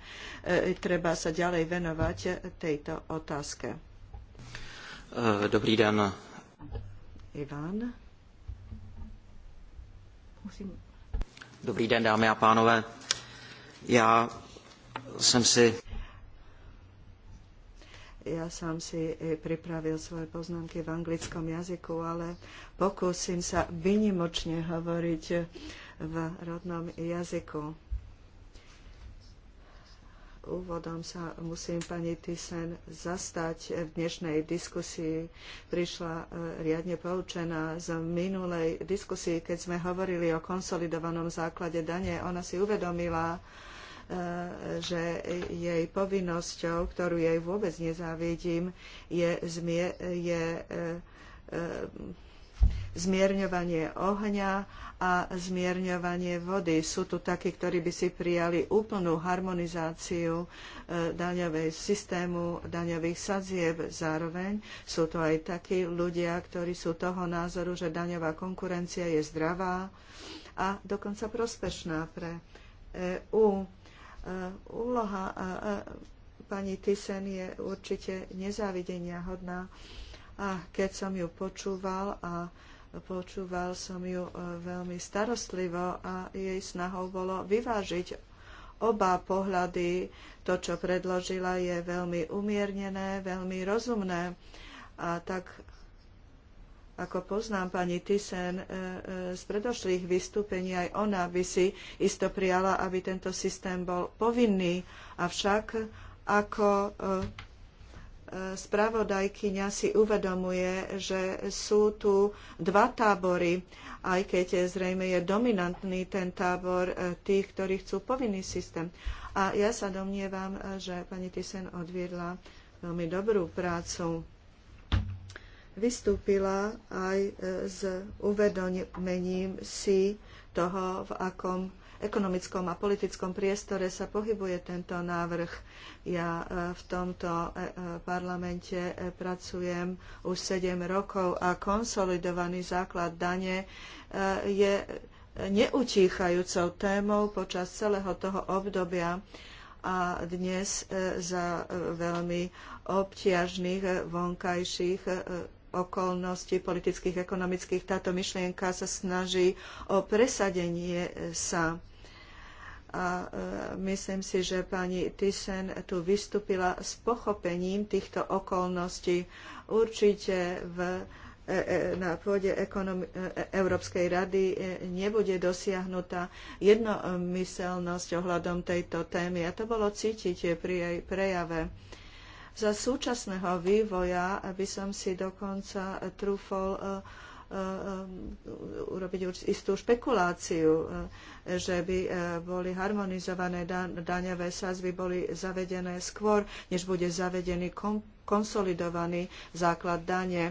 Speaker 1: treba sa ďalej venovať tejto otázke. Dobrý den. Ivan. Musím... Dobrý den, dámy a pánové. Ja som si... Ja sám si pripravil svoje poznámky v anglickom jazyku, ale pokúsim sa vynimočne hovoriť v rodnom jazyku úvodom sa musím pani Tysen zastať. V dnešnej diskusii prišla e, riadne poučená z minulej diskusii, keď sme hovorili o konsolidovanom základe dane. Ona si uvedomila, e, že jej povinnosťou, ktorú jej vôbec nezávidím, je, zmier- je, je e, zmierňovanie ohňa a zmierňovanie vody. Sú tu takí, ktorí by si prijali úplnú harmonizáciu e, daňovej systému, daňových sadzieb. Zároveň sú tu aj takí ľudia, ktorí sú toho názoru, že daňová konkurencia je zdravá a dokonca prospešná pre EÚ. E, úloha e, pani Thyssen je určite nezávidenia hodná. A keď som ju počúval a Počúval som ju e, veľmi starostlivo a jej snahou bolo vyvážiť oba pohľady. To, čo predložila, je veľmi umiernené, veľmi rozumné. A tak, ako poznám pani Tysen e, e, z predošlých vystúpení, aj ona by si isto prijala, aby tento systém bol povinný. Avšak, ako spravodajkyňa si uvedomuje, že sú tu dva tábory, aj keď zrejme je dominantný ten tábor e, tých, ktorí chcú povinný systém. A ja sa domnievam, e, že pani Tysen odviedla veľmi dobrú prácu. Vystúpila aj e, s uvedomením si toho, v akom ekonomickom a politickom priestore sa pohybuje tento návrh. Ja e, v tomto e, e, parlamente pracujem už 7 rokov a konsolidovaný základ dane je neutíchajúcou témou počas celého toho obdobia a dnes za veľmi obťažných vonkajších okolností politických, ekonomických táto myšlienka sa snaží o presadenie sa a e, myslím si, že pani Thyssen tu vystúpila s pochopením týchto okolností. Určite v, e, e, na pôde Európskej rady nebude dosiahnutá jednomyselnosť ohľadom tejto témy. A to bolo cítiť pri jej prejave. Za súčasného vývoja by som si dokonca trúfol uh, Eh, eh, urobiť istú špekuláciu, eh, že by boli harmonizované daňové sazby, boli zavedené skôr, než bude zavedený konsolidovaný základ dane.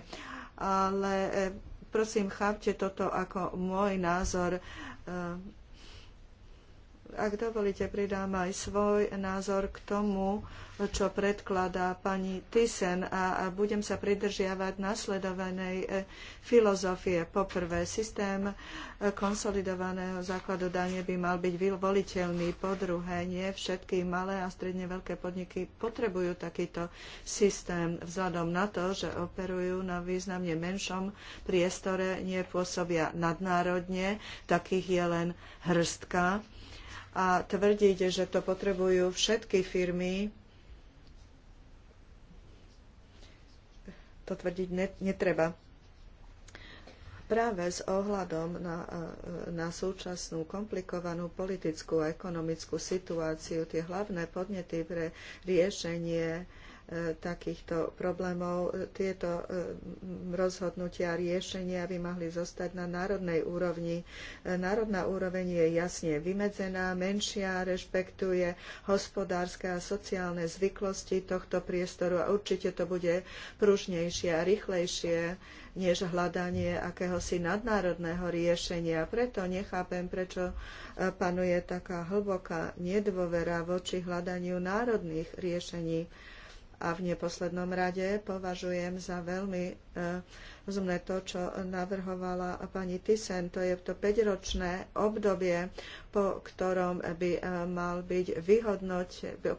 Speaker 1: Ale prosím, chápte toto ako môj názor ak dovolíte, pridám aj svoj názor k tomu, čo predkladá pani Thyssen a, a budem sa pridržiavať nasledovanej e, filozofie. Poprvé, systém e, konsolidovaného základu dane by mal byť voliteľný. Po druhé, nie všetky malé a stredne veľké podniky potrebujú takýto systém vzhľadom na to, že operujú na významne menšom priestore, nepôsobia nadnárodne, takých je len hrstka a tvrdiť, že to potrebujú všetky firmy, to tvrdiť netreba. Práve s ohľadom na, na súčasnú komplikovanú politickú a ekonomickú situáciu tie hlavné podnety pre riešenie takýchto problémov. Tieto mm, rozhodnutia a riešenia by mohli zostať na národnej úrovni. Národná úroveň je jasne vymedzená, menšia, rešpektuje hospodárske a sociálne zvyklosti tohto priestoru a určite to bude pružnejšie a rýchlejšie než hľadanie akéhosi nadnárodného riešenia. Preto nechápem, prečo e, panuje taká hlboká nedôvera voči hľadaniu národných riešení a v neposlednom rade považujem za veľmi e, rozumné to, čo navrhovala pani Thyssen. To je to 5-ročné obdobie, po ktorom by e, mal byť vyhodnoť, e,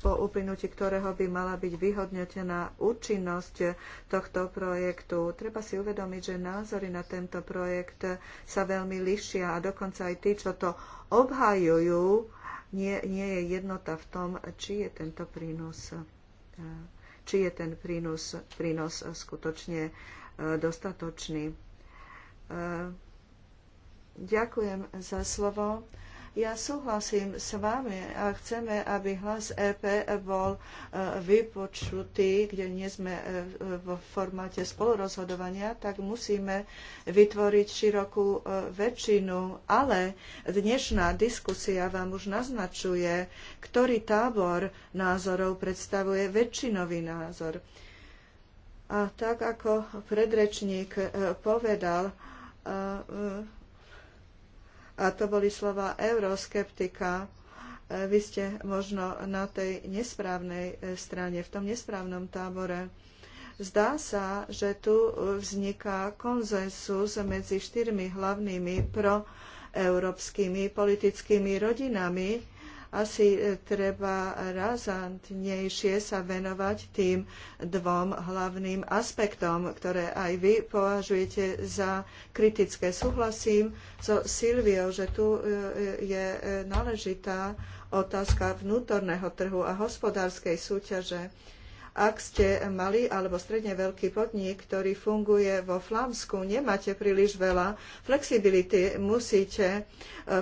Speaker 1: po uplynutí ktorého by mala byť vyhodnotená účinnosť tohto projektu. Treba si uvedomiť, že názory na tento projekt sa veľmi lišia a dokonca aj tí, čo to obhajujú, nie, nie je jednota v tom, či je tento prínos, e, či je ten prínos, prínos skutočne e, dostatočný. E, ďakujem za slovo. Ja súhlasím s vami a chceme, aby hlas EP bol e, vypočutý, kde nie sme e, v formáte spolurozhodovania, tak musíme vytvoriť širokú e, väčšinu. Ale dnešná diskusia vám už naznačuje, ktorý tábor názorov predstavuje väčšinový názor. A tak ako predrečník povedal, a to boli slova euroskeptika. E, vy ste možno na tej nesprávnej e, strane, v tom nesprávnom tábore. Zdá sa, že tu vzniká konzensus medzi štyrmi hlavnými proeurópskymi politickými rodinami, asi e, treba razantnejšie sa venovať tým dvom hlavným aspektom, ktoré aj vy považujete za kritické. Súhlasím so Silviou, že tu e, je e, náležitá otázka vnútorného trhu a hospodárskej súťaže. Ak ste malý alebo stredne veľký podnik, ktorý funguje vo Flámsku, nemáte príliš veľa flexibility. Musíte e,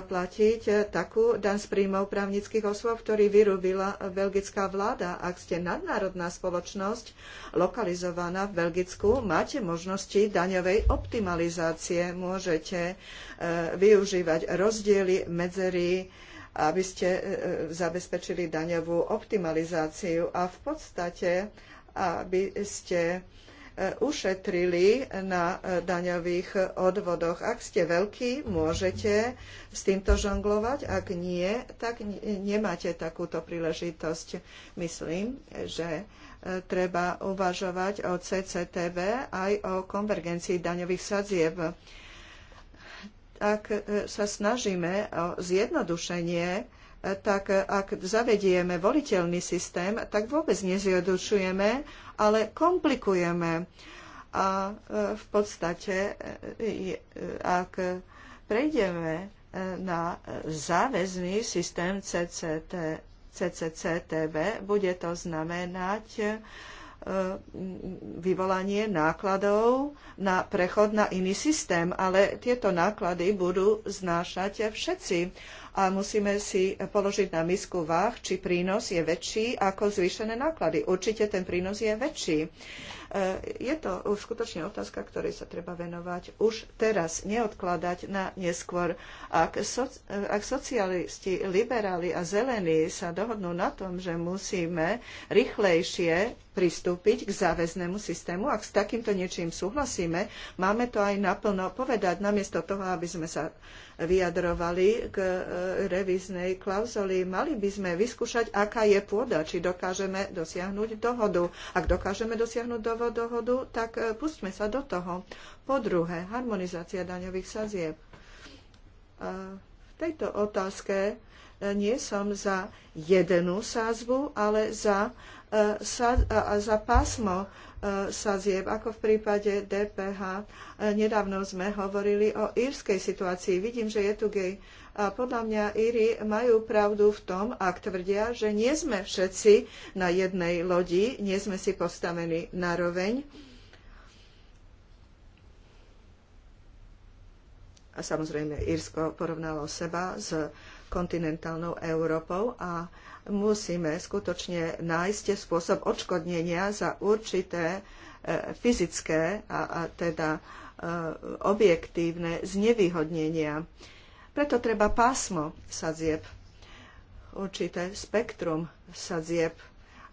Speaker 1: platiť e, takú dan z príjmov právnických osôb, ktorý vyrobila belgická vláda. Ak ste nadnárodná spoločnosť lokalizovaná v Belgicku, máte možnosti daňovej optimalizácie. Môžete e, využívať rozdiely, medzery, aby ste e, e, zabezpečili daňovú optimalizáciu a v podstate, aby ste e, ušetrili na daňových odvodoch. Ak ste veľkí, môžete s týmto žonglovať, ak nie, tak nemáte takúto príležitosť. Myslím, že treba uvažovať o CCTV aj o konvergencii daňových sadzieb ak e, sa snažíme o zjednodušenie, e, tak e, ak zavedieme voliteľný systém, tak vôbec nezjednodušujeme, ale komplikujeme. A v podstate, ak prejdeme na záväzný systém CCT, CCCTV, bude to znamenať E, vyvolanie nákladov na prechod na iný systém, ale tieto náklady budú znášať všetci a musíme si položiť na misku váh, či prínos je väčší ako zvýšené náklady. Určite ten prínos je väčší. E, je to už skutočne otázka, ktorej sa treba venovať už teraz, neodkladať na neskôr. Ak, so, ak socialisti, liberáli a zelení sa dohodnú na tom, že musíme rýchlejšie pristúpiť k záväznému systému. Ak s takýmto niečím súhlasíme, máme to aj naplno povedať, namiesto toho, aby sme sa vyjadrovali k e, revíznej klauzuli. Mali by sme vyskúšať, aká je pôda, či dokážeme dosiahnuť dohodu. Ak dokážeme dosiahnuť dohodu, tak e, pustme sa do toho. Po druhé, harmonizácia daňových sazieb. E, v tejto otázke nie som za jednu sázbu, ale za E, za pásmo e, sadzieb, ako v prípade DPH. E, nedávno sme hovorili o írskej situácii. Vidím, že je tu gej. A podľa mňa Íri majú pravdu v tom, ak tvrdia, že nie sme všetci na jednej lodi, nie sme si postavení na roveň. A samozrejme, Írsko porovnalo seba s kontinentálnou Európou a musíme skutočne nájsť spôsob odškodnenia za určité e, fyzické a, a teda e, objektívne znevýhodnenia. Preto treba pásmo sadzieb, určité spektrum sadzieb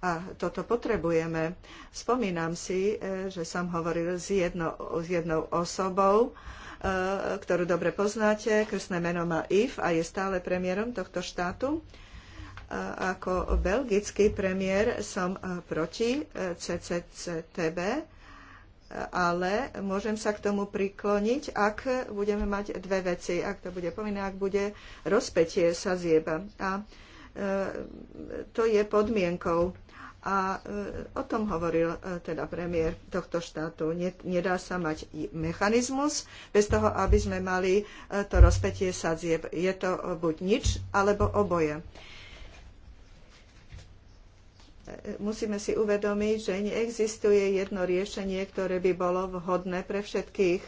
Speaker 1: a toto potrebujeme. Spomínam si, e, že som hovoril s, jedno, s jednou osobou, ktorú dobre poznáte, krstné meno má IF a je stále premiérom tohto štátu ako belgický premiér som e, proti e, CCCTB, e, ale môžem sa k tomu prikloniť, ak budeme mať dve veci. Ak to bude povinné, ak bude rozpetie sa zjeba. A to je podmienkou. A o tom hovoril teda premiér tohto štátu. Nedá sa mať mechanizmus bez toho, aby sme mali to rozpetie sadzieb. Je to buď nič, alebo oboje musíme si uvedomiť, že neexistuje jedno riešenie, ktoré by bolo vhodné pre všetkých.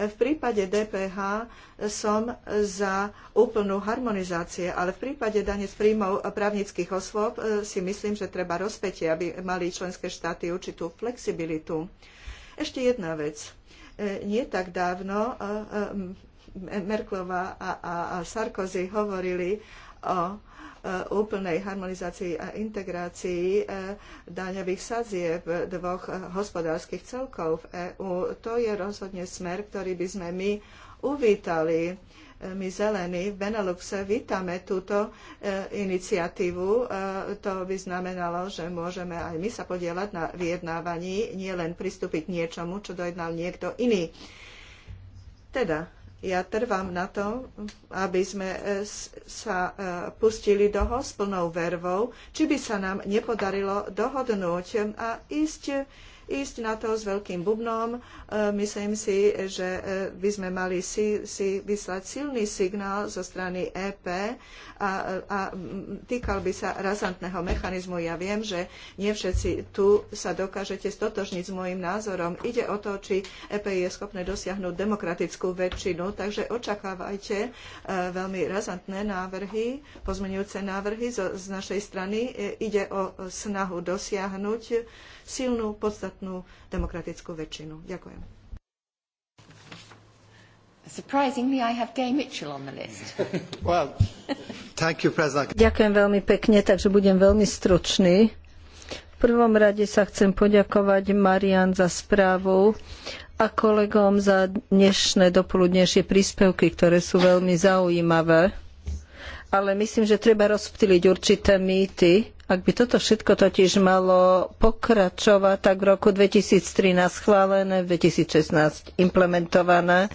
Speaker 1: V prípade DPH som za úplnú harmonizácie, ale v prípade dane z príjmov právnických osôb eh, si myslím, že treba rozpetie, aby mali členské štáty určitú flexibilitu. Ešte jedna vec. Eh, nie tak dávno eh, Merklova a Sarkozy hovorili o Eh, úplnej harmonizácii a integrácii eh, daňových sadzieb dvoch eh, hospodárskych celkov v EÚ. To je rozhodne smer, ktorý by sme my uvítali. My zelení v Beneluxe vítame túto iniciatívu. To by znamenalo, že môžeme aj my sa podielať na vyjednávaní, nielen pristúpiť k niečomu, čo dojednal niekto iný. Teda ja trvám na tom, aby sme e, sa e, pustili do ho s plnou vervou, či by sa nám nepodarilo dohodnúť a ísť ísť na to s veľkým bubnom. E, myslím si, že e, by sme mali si, si vyslať silný signál zo strany EP a, a týkal by sa razantného mechanizmu. Ja viem, že nie všetci tu sa dokážete stotožniť s môjim názorom. Ide o to, či EP je schopné dosiahnuť demokratickú väčšinu, takže očakávajte e, veľmi razantné návrhy, pozmenujúce návrhy z, z našej strany. Ide o snahu dosiahnuť silnú, podstatnú demokratickú väčšinu. Ďakujem. Surprisingly, I have Gay Mitchell
Speaker 2: on the list.
Speaker 1: <laughs> well, thank you, President.
Speaker 2: Ďakujem veľmi pekne, takže budem veľmi stručný. V prvom rade sa chcem poďakovať Marian za správu a kolegom za dnešné dopoludnejšie príspevky, ktoré sú veľmi zaujímavé. Ale myslím, že treba rozptýliť určité mýty ak by toto všetko totiž malo pokračovať, tak v roku 2013 schválené, v 2016 implementované,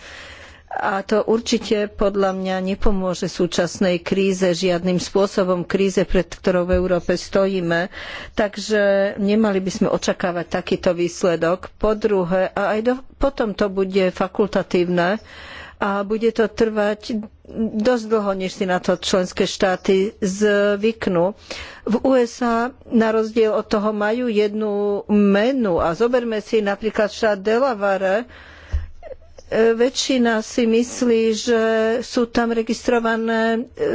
Speaker 2: a to určite podľa mňa nepomôže súčasnej kríze, žiadnym spôsobom kríze, pred ktorou v Európe stojíme. Takže nemali by sme očakávať takýto výsledok. Po druhé, a aj do, potom to bude fakultatívne a bude to trvať dosť dlho, než si na to členské štáty zvyknú. V USA na rozdiel od toho majú jednu menu a zoberme si napríklad štát Delaware, e, väčšina si myslí, že sú tam registrované e,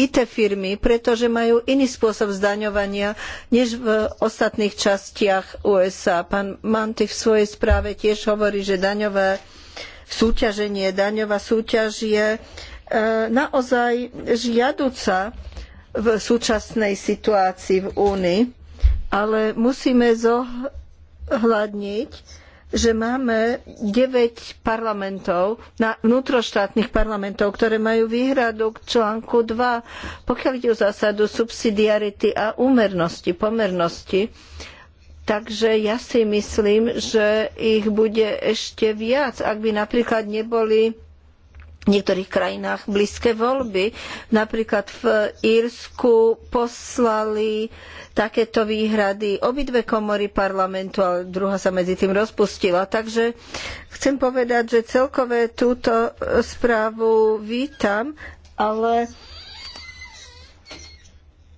Speaker 2: IT firmy, pretože majú iný spôsob zdaňovania než v ostatných častiach USA. Pán Mantik v svojej správe tiež hovorí, že daňové súťaženie. Daňová súťaž je e, naozaj žiaduca v súčasnej situácii v Únii, ale musíme zohľadniť, že máme 9 parlamentov, vnútroštátnych parlamentov, ktoré majú výhradu k článku 2, pokiaľ ide o zásadu subsidiarity a úmernosti, pomernosti. Takže ja si myslím, že ich bude ešte viac, ak by napríklad neboli v niektorých krajinách blízke voľby. Napríklad v Írsku poslali takéto výhrady obidve komory parlamentu, ale druhá sa medzi tým rozpustila. Takže chcem povedať, že celkové túto správu vítam, ale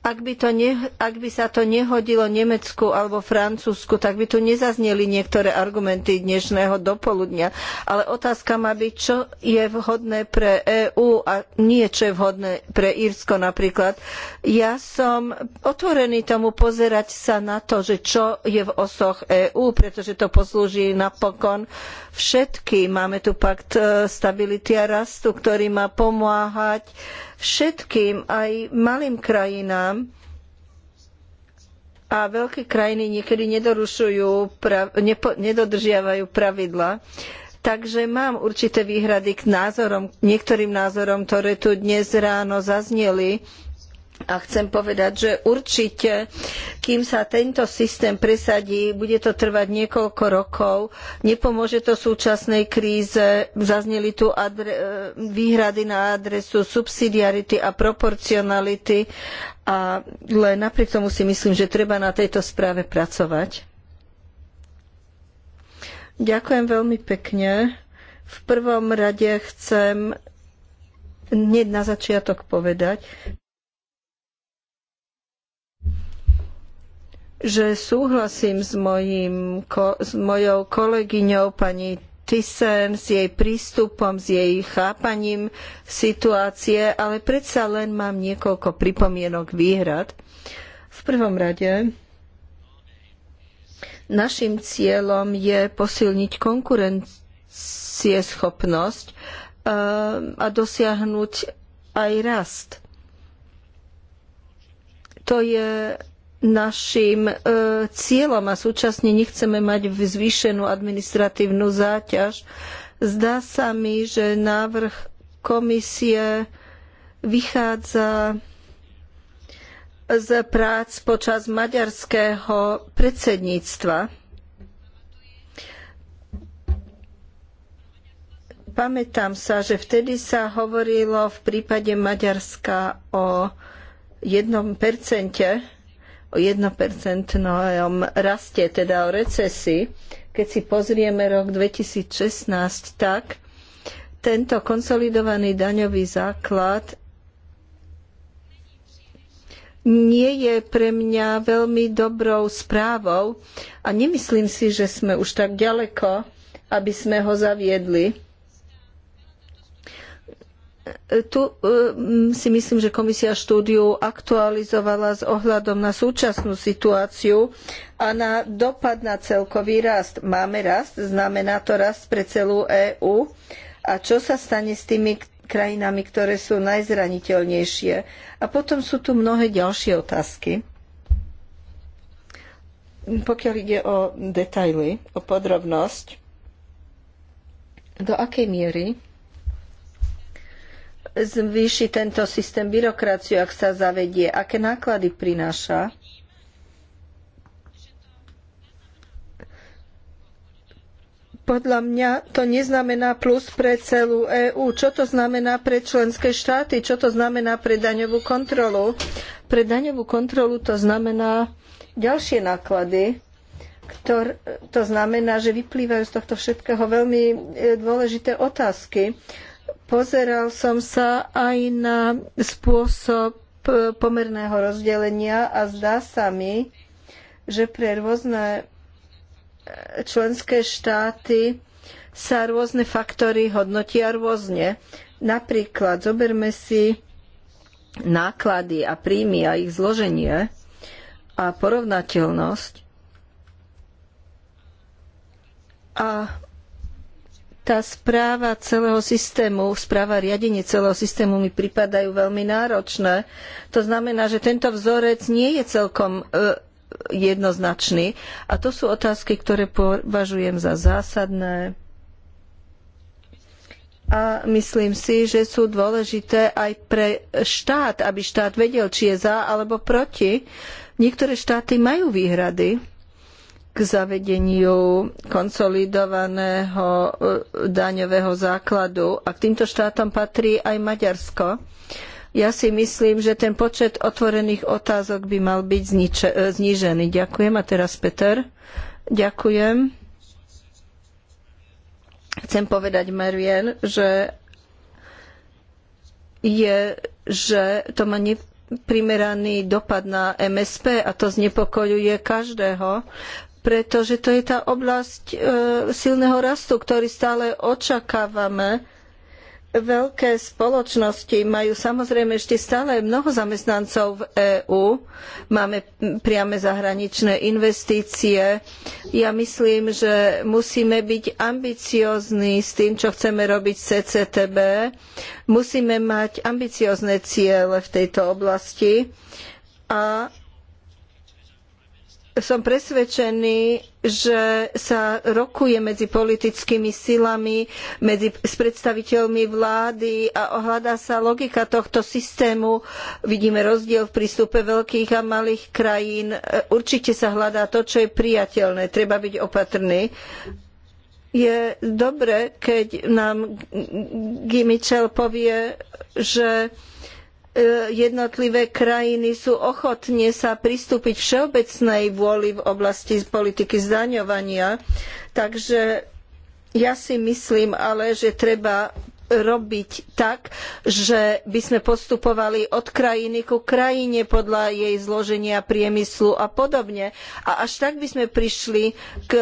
Speaker 2: ak by, to ne, ak by sa to nehodilo Nemecku alebo Francúzsku, tak by tu nezazneli niektoré argumenty dnešného dopoludnia. Ale otázka má byť, čo je vhodné pre EÚ a nie, čo je vhodné pre Írsko napríklad. Ja som otvorený tomu pozerať sa na to, že čo je v osoch EÚ, pretože to poslúži napokon všetkým. Máme tu pakt e, stability a rastu, ktorý má pomáhať všetkým, aj malým krajinám, a veľké krajiny niekedy nedorušujú, prav, nepo, nedodržiavajú pravidla. Takže mám určité výhrady k názorom, niektorým názorom, ktoré tu dnes ráno zazneli. A chcem povedať, že určite, kým sa tento systém presadí, bude to trvať niekoľko rokov. Nepomôže to súčasnej kríze. Zazneli tu výhrady na adresu subsidiarity a proporcionality. Ale napriek tomu si myslím, že treba na tejto správe pracovať. Ďakujem veľmi pekne. V prvom rade chcem hneď na začiatok povedať, že súhlasím s, mojim, ko, s mojou kolegyňou pani Thyssen, s jej prístupom, s jej chápaním situácie, ale predsa len mám niekoľko pripomienok výhrad. V prvom rade našim cieľom je posilniť konkurencieschopnosť eh, a dosiahnuť aj rast. To je našim e, cieľom a súčasne nechceme mať zvýšenú administratívnu záťaž. Zdá sa mi, že návrh komisie vychádza z prác počas maďarského predsedníctva. Pamätám sa, že vtedy sa hovorilo v prípade Maďarska o jednom percente o 1% raste, teda o recesii. Keď si pozrieme rok 2016, tak tento konsolidovaný daňový základ nie je pre mňa veľmi dobrou správou a nemyslím si, že sme už tak ďaleko, aby sme ho zaviedli tu e, si myslím, že komisia štúdiu aktualizovala s ohľadom na súčasnú situáciu a na dopad na celkový rast. Máme rast, znamená to rast pre celú EÚ. A čo sa stane s tými krajinami, ktoré sú najzraniteľnejšie? A potom sú tu mnohé ďalšie otázky. Pokiaľ ide o detaily, o podrobnosť, do akej miery zvýši tento systém byrokraciu, ak sa zavedie? Aké náklady prináša? Podľa mňa to neznamená plus pre celú EÚ. Čo to znamená pre členské štáty? Čo to znamená pre daňovú kontrolu? Pre daňovú kontrolu to znamená ďalšie náklady, ktor, to znamená, že vyplývajú z tohto všetkého veľmi e, dôležité otázky. Pozeral som sa aj na spôsob e, pomerného rozdelenia a zdá sa mi, že pre rôzne e, členské štáty sa rôzne faktory hodnotia rôzne. Napríklad zoberme si náklady a príjmy a ich zloženie a porovnateľnosť. A tá správa celého systému, správa riadenie celého systému mi pripadajú veľmi náročné. To znamená, že tento vzorec nie je celkom e, jednoznačný. A to sú otázky, ktoré považujem za zásadné. A myslím si, že sú dôležité aj pre štát, aby štát vedel, či je za alebo proti. Niektoré štáty majú výhrady k zavedeniu konsolidovaného e, daňového základu. A k týmto štátom patrí aj Maďarsko. Ja si myslím, že ten počet otvorených otázok by mal byť e, znížený. Ďakujem. A teraz Peter. Ďakujem. Chcem povedať Marian, že je, že to má neprimeraný dopad na MSP a to znepokojuje každého, pretože to je tá oblasť e, silného rastu, ktorý stále očakávame. Veľké spoločnosti majú samozrejme ešte stále mnoho zamestnancov v EÚ. Máme priame zahraničné investície. Ja myslím, že musíme byť ambiciozní s tým, čo chceme robiť v CCTB. Musíme mať ambiciozne ciele v tejto oblasti a som presvedčený, že sa rokuje medzi politickými silami, medzi predstaviteľmi vlády a ohľadá sa logika tohto systému. Vidíme rozdiel v prístupe veľkých a malých krajín. Určite sa hľadá to, čo je prijateľné. Treba byť opatrný. Je dobre, keď nám Gimičel povie, že E, jednotlivé krajiny sú ochotne sa pristúpiť všeobecnej vôli v oblasti politiky zdaňovania. Takže ja si myslím ale, že treba robiť tak, že by sme postupovali od krajiny ku krajine podľa jej zloženia priemyslu a podobne. A až tak by sme prišli k,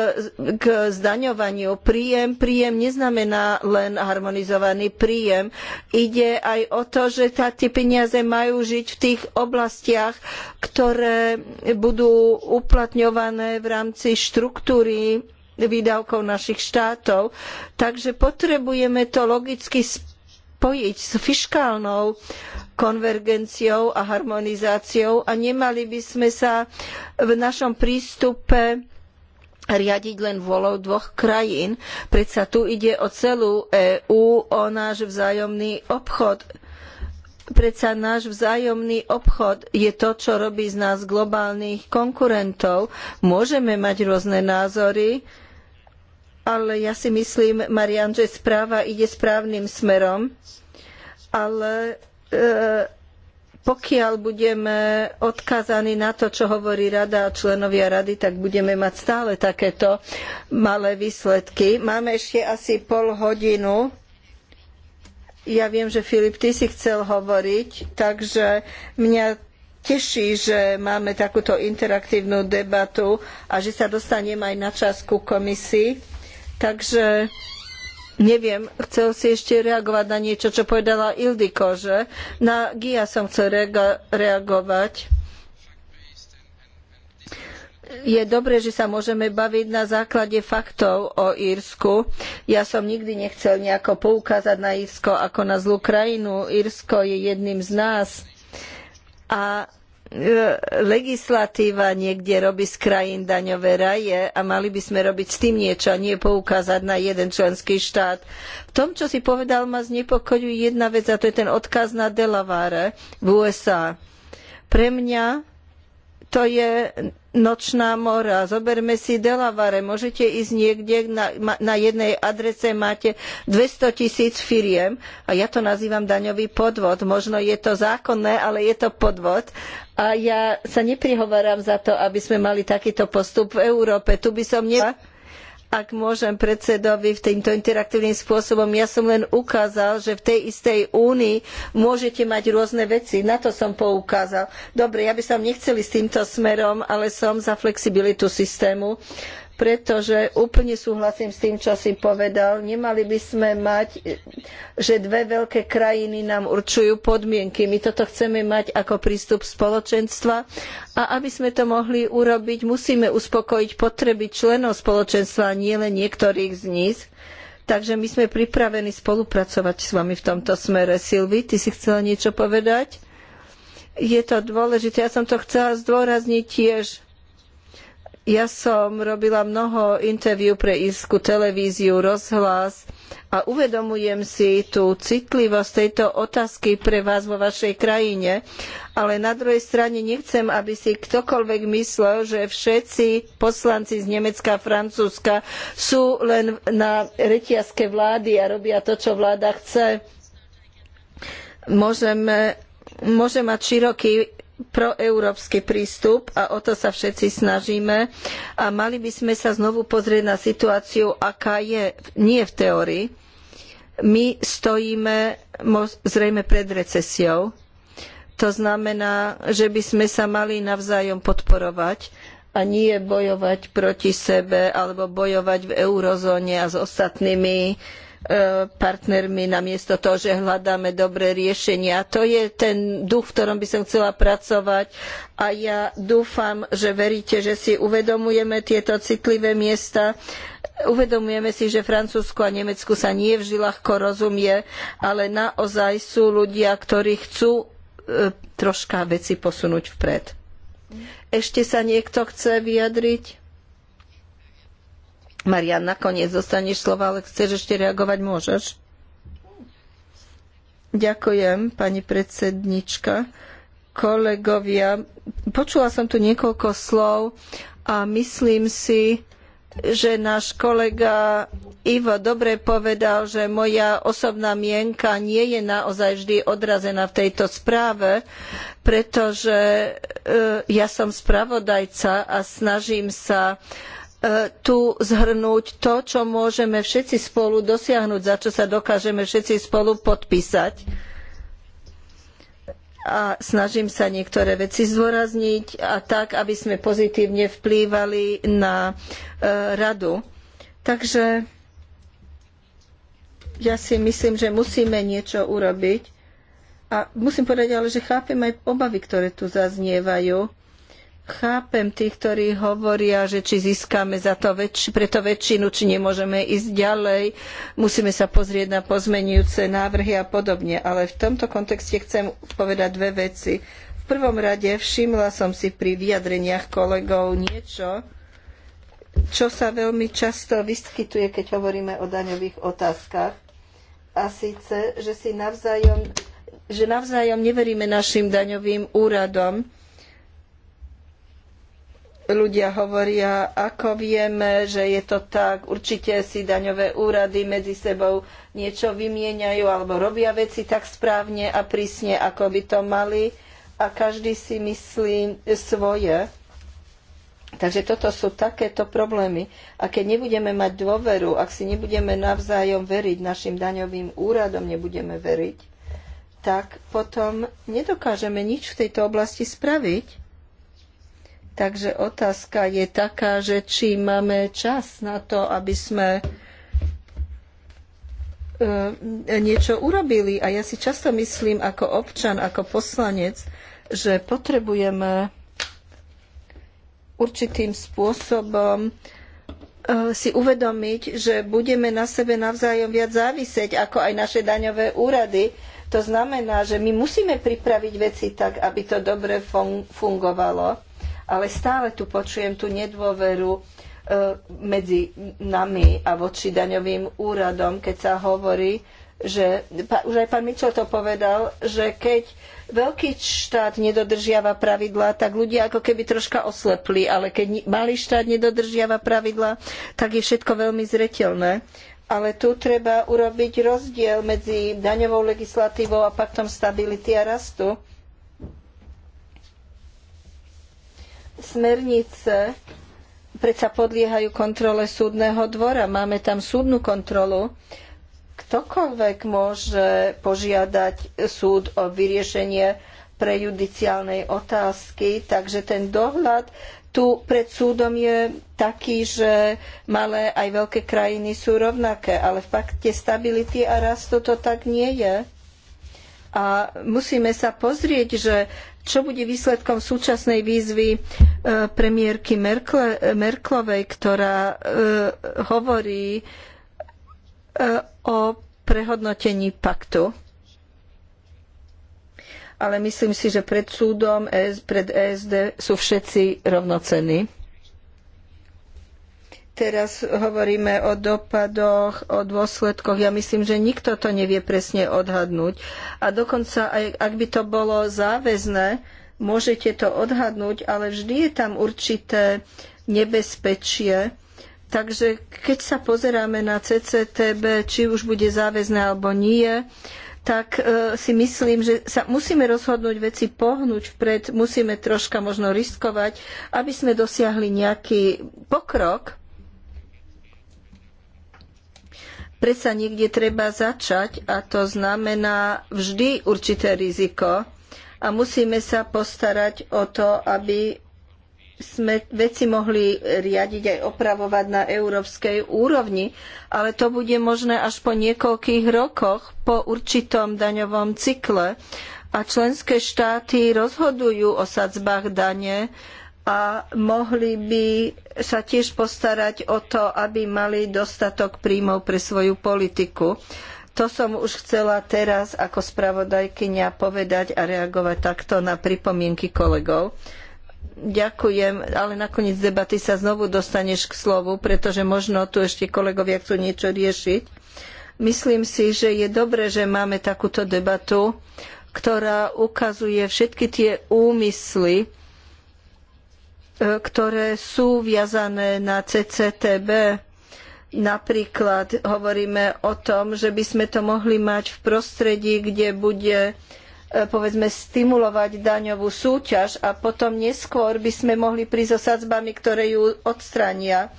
Speaker 2: k zdaňovaniu. Príjem, príjem neznamená len harmonizovaný príjem. Ide aj o to, že tá, tie peniaze majú žiť v tých oblastiach, ktoré budú uplatňované v rámci štruktúry výdavkov našich štátov. Takže potrebujeme to logicky spojiť s fiškálnou konvergenciou a harmonizáciou a nemali by sme sa v našom prístupe riadiť len vôľou dvoch krajín. Predsa tu ide o celú EÚ, o náš vzájomný obchod. Predsa náš vzájomný obchod je to, čo robí z nás globálnych konkurentov. Môžeme mať rôzne názory, ale ja si myslím, Marian, že správa ide správnym smerom, ale e, pokiaľ budeme odkázaní na to, čo hovorí rada a členovia rady, tak budeme mať stále takéto malé výsledky. Máme ešte asi pol hodinu. Ja viem, že Filip, ty si chcel hovoriť, takže mňa teší, že máme takúto interaktívnu debatu a že sa dostanem aj na čas ku komisii Takže Neviem, chcel si ešte reagovať na niečo, čo povedala Ildiko, že? Na Gia som chcel reagovať. Je dobré, že sa môžeme baviť na základe faktov o Írsku. Ja som nikdy nechcel nejako poukázať na Írsko ako na zlú krajinu. Írsko je jedným z nás. A E, legislatíva niekde robí z krajín daňové raje a mali by sme robiť s tým niečo a nie poukázať na jeden členský štát. V tom, čo si povedal, ma znepokojuje jedna vec a to je ten odkaz na Delaware v USA. Pre mňa to je nočná mora. Zoberme si Delaware. Môžete ísť niekde, na, na jednej adrese máte 200 tisíc firiem a ja to nazývam daňový podvod. Možno je to zákonné, ale je to podvod a ja sa neprihováram za to, aby sme mali takýto postup v Európe. Tu by som nebola, Ak môžem predsedovi v týmto interaktívnym spôsobom, ja som len ukázal, že v tej istej únii môžete mať rôzne veci. Na to som poukázal. Dobre, ja by som nechceli s týmto smerom, ale som za flexibilitu systému pretože úplne súhlasím s tým, čo si povedal. Nemali by sme mať, že dve veľké krajiny nám určujú podmienky. My toto chceme mať ako prístup spoločenstva a aby sme to mohli urobiť, musíme uspokojiť potreby členov spoločenstva, nie len niektorých z nich. Takže my sme pripravení spolupracovať s vami v tomto smere. Silvi, ty si chcela niečo povedať? Je to dôležité. Ja som to chcela zdôrazniť tiež ja som robila mnoho interviú pre írsku televíziu, rozhlas a uvedomujem si tú citlivosť tejto otázky pre vás vo vašej krajine, ale na druhej strane nechcem, aby si ktokoľvek myslel, že všetci poslanci z Nemecka a Francúzska sú len na reťazke vlády a robia to, čo vláda chce. Môžeme, môže mať široký proeurópsky prístup a o to sa všetci snažíme a mali by sme sa znovu pozrieť na situáciu, aká je, nie v teórii. My stojíme zrejme pred recesiou. To znamená, že by sme sa mali navzájom podporovať a nie bojovať proti sebe alebo bojovať v eurozóne a s ostatnými uh, E, partnermi namiesto toho, že hľadáme dobré riešenia. To je ten duch, v ktorom by som chcela pracovať a ja dúfam, že veríte, že si uvedomujeme tieto citlivé miesta. Uvedomujeme si, že Francúzsku a Nemecku sa nie vždy ľahko rozumie, ale naozaj sú ľudia, ktorí chcú e, troška veci posunúť vpred. Ešte sa niekto chce vyjadriť? Marian, nakoniec dostaneš slovo, ale chceš ešte reagovať, môžeš. Ďakujem, pani predsednička. Kolegovia, počula som tu niekoľko slov a myslím si, že náš kolega Ivo dobre povedal, že moja osobná mienka nie je naozaj vždy odrazená v tejto správe, pretože e, ja som spravodajca a snažím sa uh, E, tu zhrnúť to, čo môžeme všetci spolu dosiahnuť, za čo sa dokážeme všetci spolu podpísať. A snažím sa niektoré veci zdôrazniť a tak, aby sme pozitívne vplývali na e, radu. Takže ja si myslím, že musíme niečo urobiť. A musím povedať ale, že chápem aj obavy, ktoré tu zaznievajú chápem tých, ktorí hovoria, že či získame za to väč- pre to väčšinu, či nemôžeme ísť ďalej, musíme sa pozrieť na pozmenujúce návrhy a podobne. Ale v tomto kontexte chcem povedať dve veci. V prvom rade všimla som si pri vyjadreniach kolegov
Speaker 1: niečo,
Speaker 2: čo sa veľmi často vyskytuje, keď hovoríme o daňových otázkach. A síce, že si navzájom, že navzájom neveríme našim daňovým úradom, ľudia hovoria, ako vieme, že je to tak, určite si daňové úrady medzi sebou niečo vymieňajú alebo robia veci tak správne a prísne, ako by to mali a každý si myslí svoje. Takže toto sú takéto problémy. A keď nebudeme mať dôveru, ak si nebudeme navzájom veriť našim daňovým úradom, nebudeme veriť, tak potom nedokážeme nič v tejto oblasti spraviť Takže otázka je taká, že či máme čas na to, aby sme e, niečo urobili. A ja si často myslím ako občan, ako poslanec, že potrebujeme určitým spôsobom e, si uvedomiť, že budeme na sebe navzájom viac závisieť, ako aj naše daňové úrady. To znamená, že my musíme pripraviť veci tak, aby to dobre fungovalo ale stále tu počujem tú nedôveru e, medzi nami a voči daňovým úradom, keď sa hovorí, že už aj pán Mitchell to povedal, že keď veľký štát nedodržiava pravidlá, tak ľudia ako keby troška oslepli, ale keď malý štát nedodržiava pravidlá, tak je všetko veľmi zreteľné. Ale tu treba urobiť rozdiel medzi daňovou legislatívou a paktom stability a rastu smernice predsa podliehajú kontrole súdneho dvora. Máme tam súdnu kontrolu. Ktokoľvek môže požiadať súd o vyriešenie prejudiciálnej otázky, takže ten dohľad tu pred súdom je taký, že malé aj veľké krajiny sú rovnaké, ale v pakte stability a rastu to tak nie je. A musíme sa pozrieť, že čo bude výsledkom súčasnej výzvy e, premiérky Merkle, Merklovej, ktorá e, hovorí e, o prehodnotení paktu. Ale myslím si, že pred súdom, pred ESD sú všetci rovnocenní. Teraz hovoríme o dopadoch, o dôsledkoch. Ja myslím, že nikto to nevie presne odhadnúť. A dokonca, aj ak by to bolo záväzné, môžete to odhadnúť, ale vždy je tam určité nebezpečie. Takže keď sa pozeráme na CCTB, či už bude záväzné alebo nie, tak e, si myslím, že sa musíme rozhodnúť veci pohnúť vpred, musíme troška možno riskovať, aby sme dosiahli nejaký pokrok predsa niekde treba začať a to znamená vždy určité riziko a musíme sa postarať o to, aby sme veci mohli riadiť aj opravovať na európskej úrovni, ale to bude možné až po niekoľkých rokoch, po určitom daňovom cykle. A členské štáty rozhodujú o sadzbách dane a mohli by sa tiež postarať o to, aby mali dostatok príjmov pre svoju politiku. To som už chcela teraz ako spravodajkyňa povedať a reagovať takto na pripomienky kolegov. Ďakujem, ale nakoniec debaty sa znovu dostaneš k slovu, pretože možno tu ešte kolegovia chcú niečo riešiť. Myslím si, že je dobré, že máme takúto debatu, ktorá ukazuje všetky tie úmysly, E, ktoré sú viazané na CCTB. Napríklad hovoríme o tom, že by sme to mohli mať v prostredí, kde bude e, povedzme stimulovať daňovú súťaž a potom neskôr by sme mohli prísť so sadzbami, ktoré ju odstrania.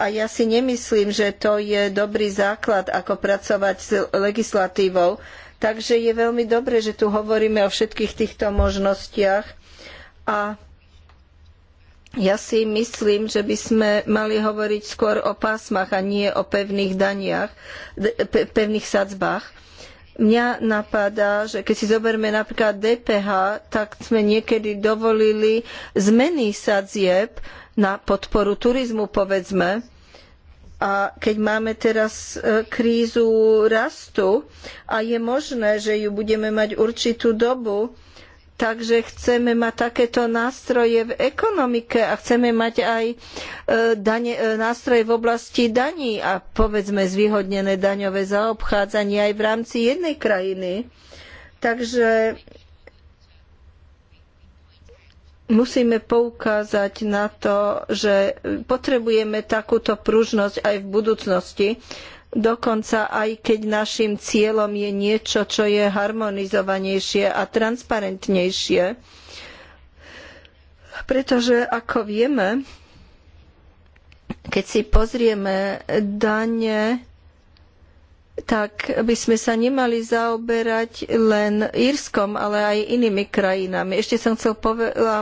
Speaker 2: A ja si nemyslím, že to je dobrý základ, ako pracovať s legislatívou. Takže je veľmi dobré, že tu hovoríme o všetkých týchto možnostiach. A ja si myslím, že by sme mali hovoriť skôr o pásmach a nie o pevných daniach, pevných sadzbách. Mňa napadá, že keď si zoberme napríklad DPH, tak sme niekedy dovolili zmeny sadzieb na podporu turizmu, povedzme. A keď máme teraz e, krízu rastu a je možné, že ju budeme mať určitú dobu, Takže chceme mať takéto nástroje v ekonomike a chceme mať aj e, dane, e, nástroje v oblasti daní a povedzme zvýhodnené daňové zaobchádzanie aj v rámci jednej krajiny. Takže musíme poukázať na to, že potrebujeme takúto pružnosť aj v budúcnosti, dokonca aj keď našim cieľom je niečo, čo je harmonizovanejšie a transparentnejšie. Pretože, ako vieme, keď si pozrieme dane, tak by sme sa nemali zaoberať len Írskom, ale aj inými krajinami. Ešte som chcel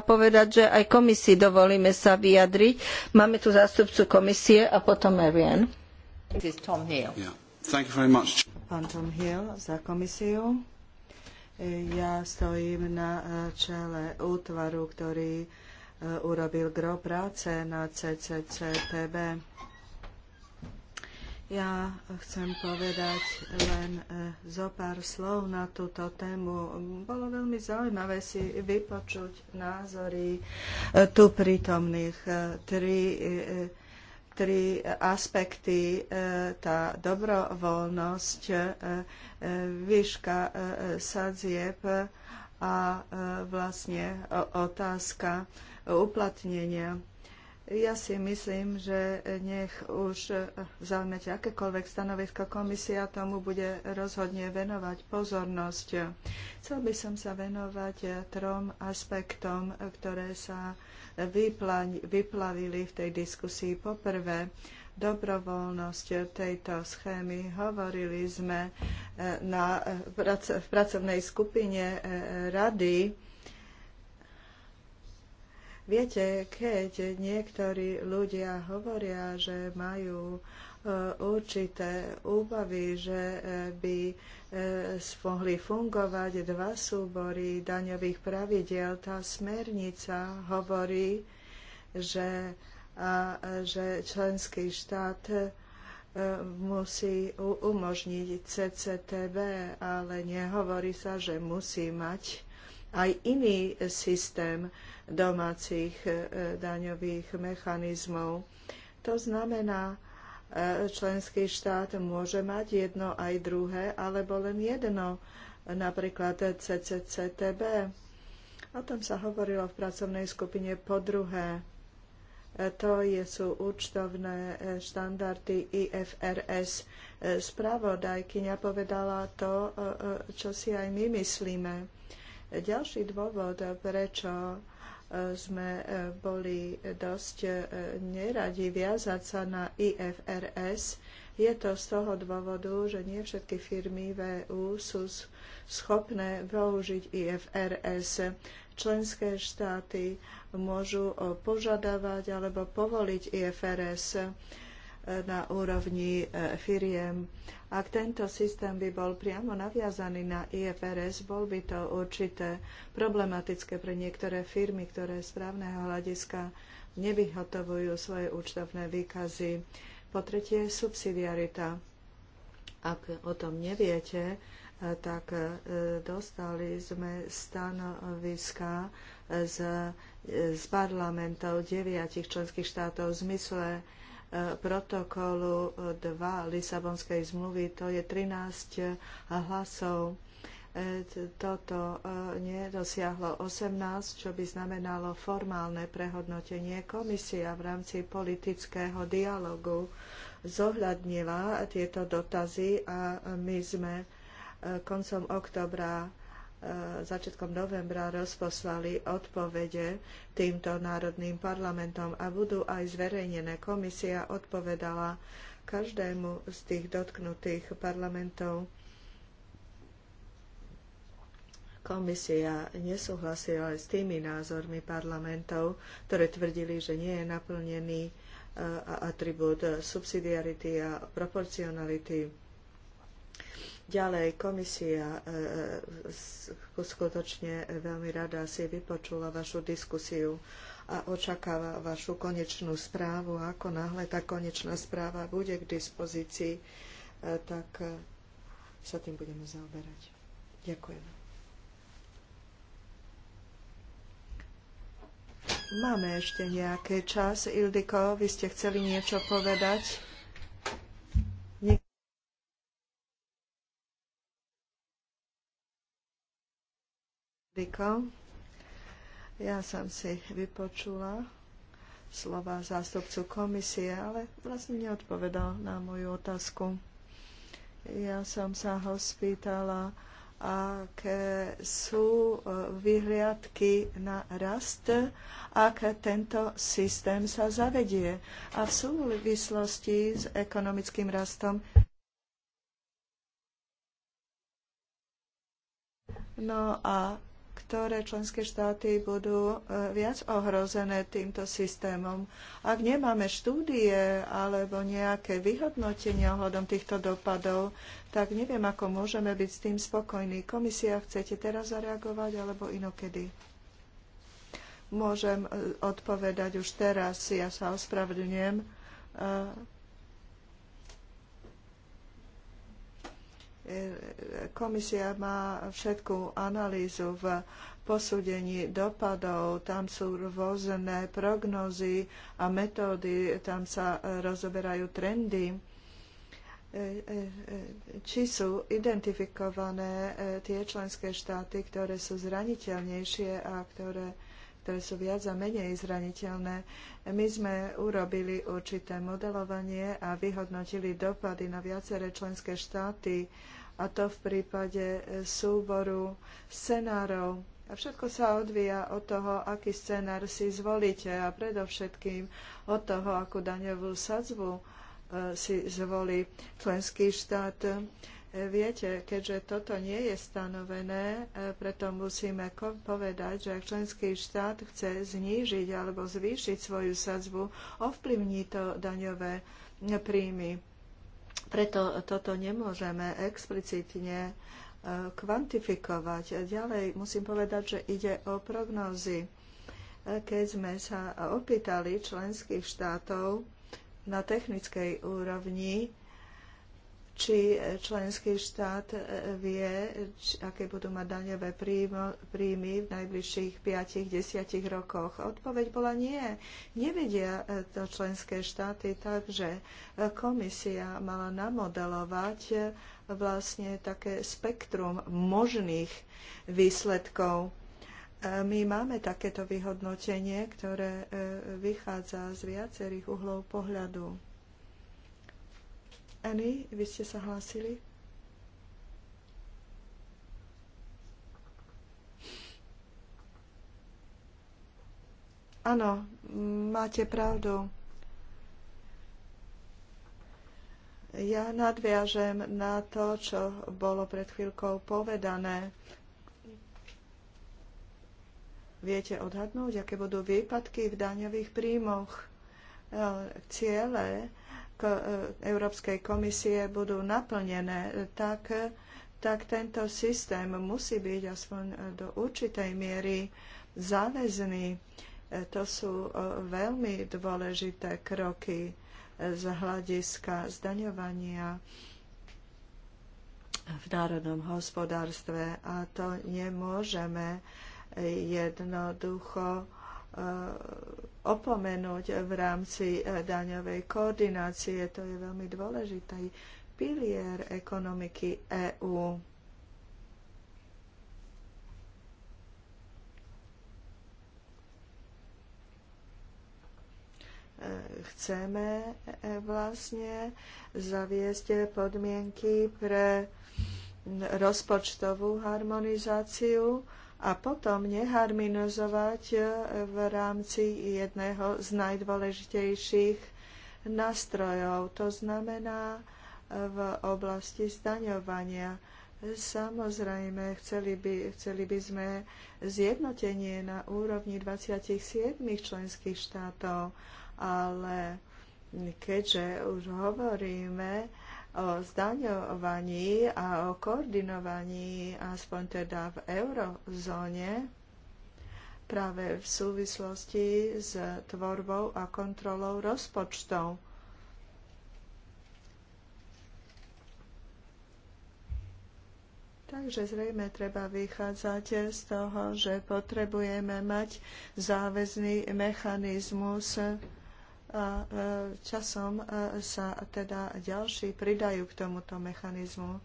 Speaker 2: povedať, že aj komisii dovolíme sa vyjadriť. Máme tu zástupcu komisie a potom Marian.
Speaker 1: Pán Tom Hill za komisiu. Ja stojím na e, čele útvaru, ktorý e, urobil gro práce na CCCTB ja chcem povedať len e, zo pár slov na túto tému. Bolo veľmi zaujímavé si vypočuť názory e, tu prítomných. E, tri, tri aspekty, tá dobrovoľnosť, výška sadzieb a vlastne otázka uplatnenia ja si myslím, že nech už zaujmete akékoľvek stanovisko, komisia tomu bude rozhodne venovať pozornosť. Chcel by som sa venovať trom aspektom, ktoré sa vyplavili v tej diskusii. Poprvé, dobrovoľnosť tejto schémy. Hovorili sme eh, na, eh, v pracovnej skupine eh, rady, Viete, keď niektorí ľudia hovoria, že majú e, určité úbavy, že e, by e, mohli fungovať dva súbory daňových pravidiel, tá smernica hovorí, že, a, že členský štát musí umožniť CCTV, ale nehovorí sa, že musí mať aj iný systém domácich e, daňových mechanizmov. To znamená, e, členský štát môže mať jedno aj druhé, alebo len jedno, napríklad CCCTB. O tom sa hovorilo v pracovnej skupine po druhé. E, to je, sú účtovné štandardy IFRS. Spravodajkyňa povedala to, čo si aj my myslíme. Ďalší dôvod, prečo sme e, boli dosť e, neradi viazať sa na IFRS. Je to z toho dôvodu, že nie všetky firmy EU sú schopné použiť IFRS. Členské štáty môžu e, požadovať alebo povoliť IFRS na úrovni e, firiem. Ak tento systém by bol priamo naviazaný na IFRS, bol by to určité problematické pre niektoré firmy, ktoré z právneho hľadiska nevyhotovujú svoje účtovné výkazy. Po tretie, subsidiarita. Ak o tom neviete, e, tak e, dostali sme stanoviska z, z parlamentov deviatich členských štátov v zmysle protokolu 2 Lisabonskej zmluvy. To je 13 hlasov. E, toto e, nedosiahlo 18, čo by znamenalo formálne prehodnotenie. Komisia v rámci politického dialogu zohľadnila tieto dotazy a my sme e, koncom oktobra E, začiatkom novembra rozposlali odpovede týmto národným parlamentom a budú aj zverejnené. Komisia odpovedala každému z tých dotknutých parlamentov. Komisia nesúhlasila aj s tými názormi parlamentov, ktoré tvrdili, že nie je naplnený e, atribút subsidiarity a proporcionality Ďalej, komisia e, e, skutočne veľmi rada si vypočula vašu diskusiu a očakáva vašu konečnú správu. Ako náhle tá konečná správa bude k dispozícii, e, tak sa tým budeme zaoberať. Ďakujem. Máme ešte nejaký čas. Ildiko, vy ste chceli niečo povedať? Riko. Ja som si vypočula slova zástupcu komisie, ale vlastne neodpovedal na moju otázku. Ja som sa ho spýtala, aké sú e, vyhliadky na rast, ak tento systém sa zavedie a v súvislosti s ekonomickým rastom. No a ktoré členské štáty budú e, viac ohrozené týmto systémom. Ak nemáme štúdie alebo nejaké vyhodnotenia ohľadom týchto dopadov, tak neviem, ako môžeme byť s tým spokojní. Komisia, chcete teraz zareagovať alebo inokedy? Môžem e, odpovedať už teraz, ja sa ospravedlňujem e, Komisia má všetkú analýzu v posúdení dopadov, tam sú rôzne prognozy a metódy, tam sa rozoberajú trendy, e, e, či sú identifikované e, tie členské štáty, ktoré sú zraniteľnejšie a ktoré, ktoré sú viac a menej zraniteľné. My sme urobili určité modelovanie a vyhodnotili dopady na viaceré členské štáty a to v prípade e, súboru scenárov. A všetko sa odvíja od toho, aký scenár si zvolíte a predovšetkým od toho, akú daňovú sadzbu e, si zvolí členský štát. E, viete, keďže toto nie je stanovené, preto musíme povedať, že ak členský štát chce znížiť alebo zvýšiť svoju sadzbu, ovplyvní to daňové príjmy. Preto toto nemôžeme explicitne e, kvantifikovať. Ďalej musím povedať, že ide o prognózy. E, keď sme sa opýtali členských štátov na technickej úrovni, či členský štát e, vie, či, aké budú mať daňové príjmy v najbližších 5-10 rokoch. Odpoveď bola nie. Nevedia e, to členské štáty, takže e, komisia mala namodelovať vlastne také spektrum možných výsledkov. My máme takéto vyhodnotenie, ktoré vychádza z viacerých uhlov pohľadu. Any, vy ste sa hlásili. Áno, máte pravdu. Ja nadviažem na to, čo bolo pred chvíľkou povedané. Viete odhadnúť, aké budú výpadky v daňových príjmoch? E, ciele E, Európskej komisie budú naplnené, e, tak, e, tak tento systém musí byť aspoň do určitej miery záväzný. To sú veľmi dôležité kroky z hľadiska zdaňovania v národnom hospodárstve a to nemôžeme jednoducho Eh, opomenúť v rámci eh, daňovej koordinácie. To je veľmi dôležitý pilier ekonomiky EÚ. Eh, chceme vlastne zaviesť podmienky pre rozpočtovú harmonizáciu a potom neharmonizovať e, v rámci jedného z najdôležitejších nástrojov. To znamená e, v oblasti zdaňovania. Samozrejme, chceli by, chceli by sme zjednotenie na úrovni 27 členských štátov, ale keďže už hovoríme o zdaňovaní a o koordinovaní, aspoň teda v eurozóne, práve v súvislosti s tvorbou a kontrolou rozpočtov. Takže zrejme treba vychádzať z toho, že potrebujeme mať záväzný mechanizmus a e, časom e, sa teda ďalší pridajú k tomuto mechanizmu.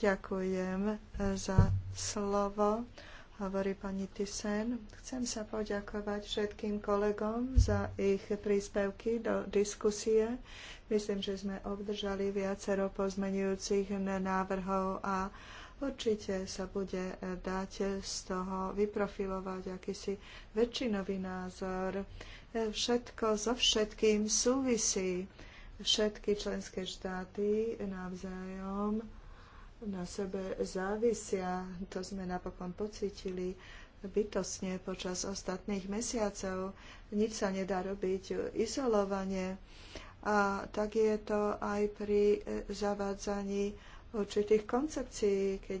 Speaker 1: Ďakujem e, za slovo, hovorí pani Tysen. Chcem sa poďakovať všetkým kolegom za ich príspevky do diskusie. Myslím, že sme obdržali viacero pozmenujúcich návrhov a určite sa bude dať z toho vyprofilovať akýsi väčšinový názor všetko so všetkým súvisí. Všetky členské štáty navzájom na sebe závisia. To sme napokon pocitili bytosne počas ostatných mesiacov. Nič sa nedá robiť izolovane, A tak je to aj pri zavádzaní určitých koncepcií. Keď,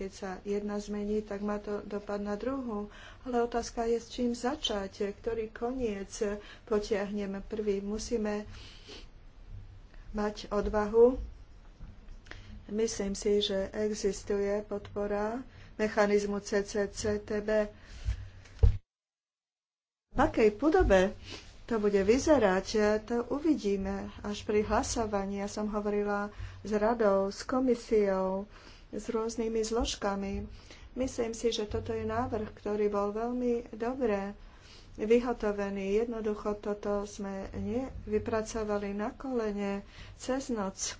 Speaker 1: keď sa jedna zmení, tak má to dopad na druhú. Ale otázka je, s čím začať, ktorý koniec potiahneme prvý. Musíme mať odvahu. Myslím si, že existuje podpora mechanizmu CCCTB. V akej podobe to bude vyzerať, to uvidíme až pri hlasovaní. Ja som hovorila s radou, s komisiou, s rôznymi zložkami. Myslím si, že toto je návrh, ktorý bol veľmi dobre vyhotovený. Jednoducho toto sme nevypracovali na kolene cez noc,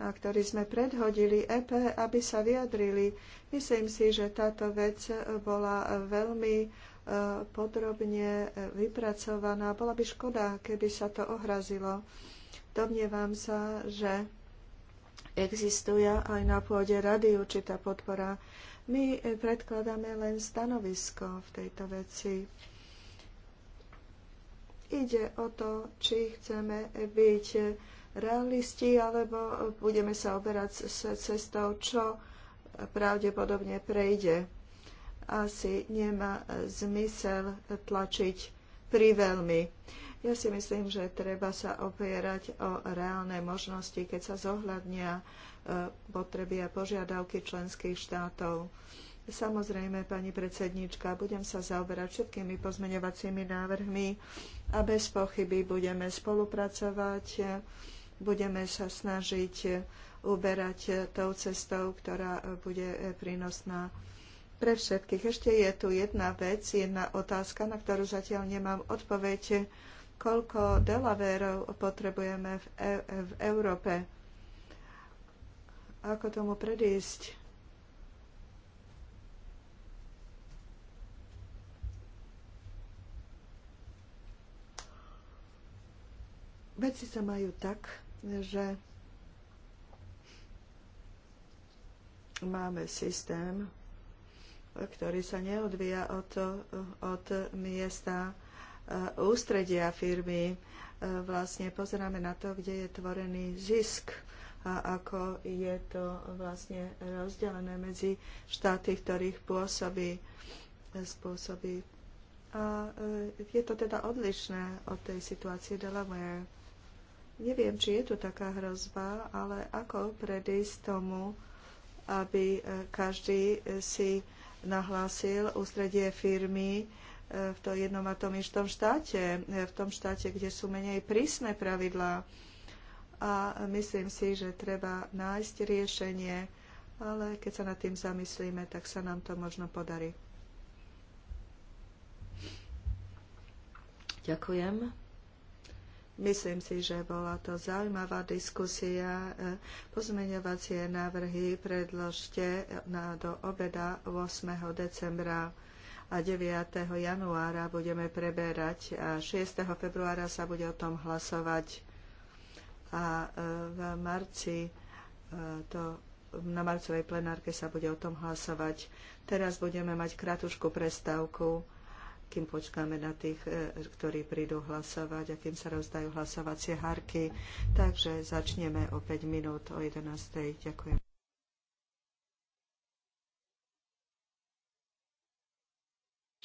Speaker 1: a ktorý sme predhodili EP, aby sa vyjadrili. Myslím si, že táto vec bola veľmi e, podrobne vypracovaná. Bola by škoda, keby sa to ohrazilo. Domnievam sa, že existuje aj na pôde rady určitá podpora. My eh, predkladáme len stanovisko v tejto veci. Ide o to, či chceme eh, byť eh, realisti, alebo budeme sa oberať s cestou, čo pravdepodobne prejde. Asi nemá zmysel tlačiť pri veľmi ja si myslím, že treba sa opierať o reálne možnosti, keď sa zohľadnia e, potreby a požiadavky členských štátov. Samozrejme, pani predsednička, budem sa zaoberať všetkými pozmeňovacími návrhmi a bez pochyby budeme spolupracovať, budeme sa snažiť uberať tou cestou, ktorá bude prínosná pre všetkých. Ešte je tu jedna vec, jedna otázka, na ktorú zatiaľ nemám odpoveď koľko Delaverov potrebujeme v, e- v Európe. Ako tomu predísť? Veci sa majú tak, že máme systém, ktorý sa neodvíja od, od miesta, Eh, ústredia firmy. Eh, vlastne pozeráme na to, kde je tvorený zisk a ako je to vlastne rozdelené medzi štáty, v ktorých pôsobí eh, spôsobí. A je to teda odlišné od tej situácie Delaware. Neviem, či je tu taká hrozba, ale ako predísť tomu, aby každý si nahlásil ústredie firmy, v tom jednom a tom istom štáte, v tom štáte, kde sú menej prísne pravidlá. A myslím si, že treba nájsť riešenie, ale keď sa nad tým zamyslíme, tak sa nám to možno podarí. Ďakujem. Myslím si, že bola to zaujímavá diskusia. Pozmeňovacie návrhy predložte na, do obeda 8. decembra a 9. januára budeme preberať a 6. februára sa bude o tom hlasovať a e, v marci e, to na marcovej plenárke sa bude o tom hlasovať. Teraz budeme mať kratušku prestávku, kým počkáme na tých, e, ktorí prídu hlasovať a kým sa rozdajú hlasovacie harky. Takže začneme o 5 minút o 11. Ďakujem.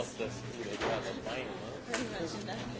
Speaker 1: was das Urheber von meinem. Ne?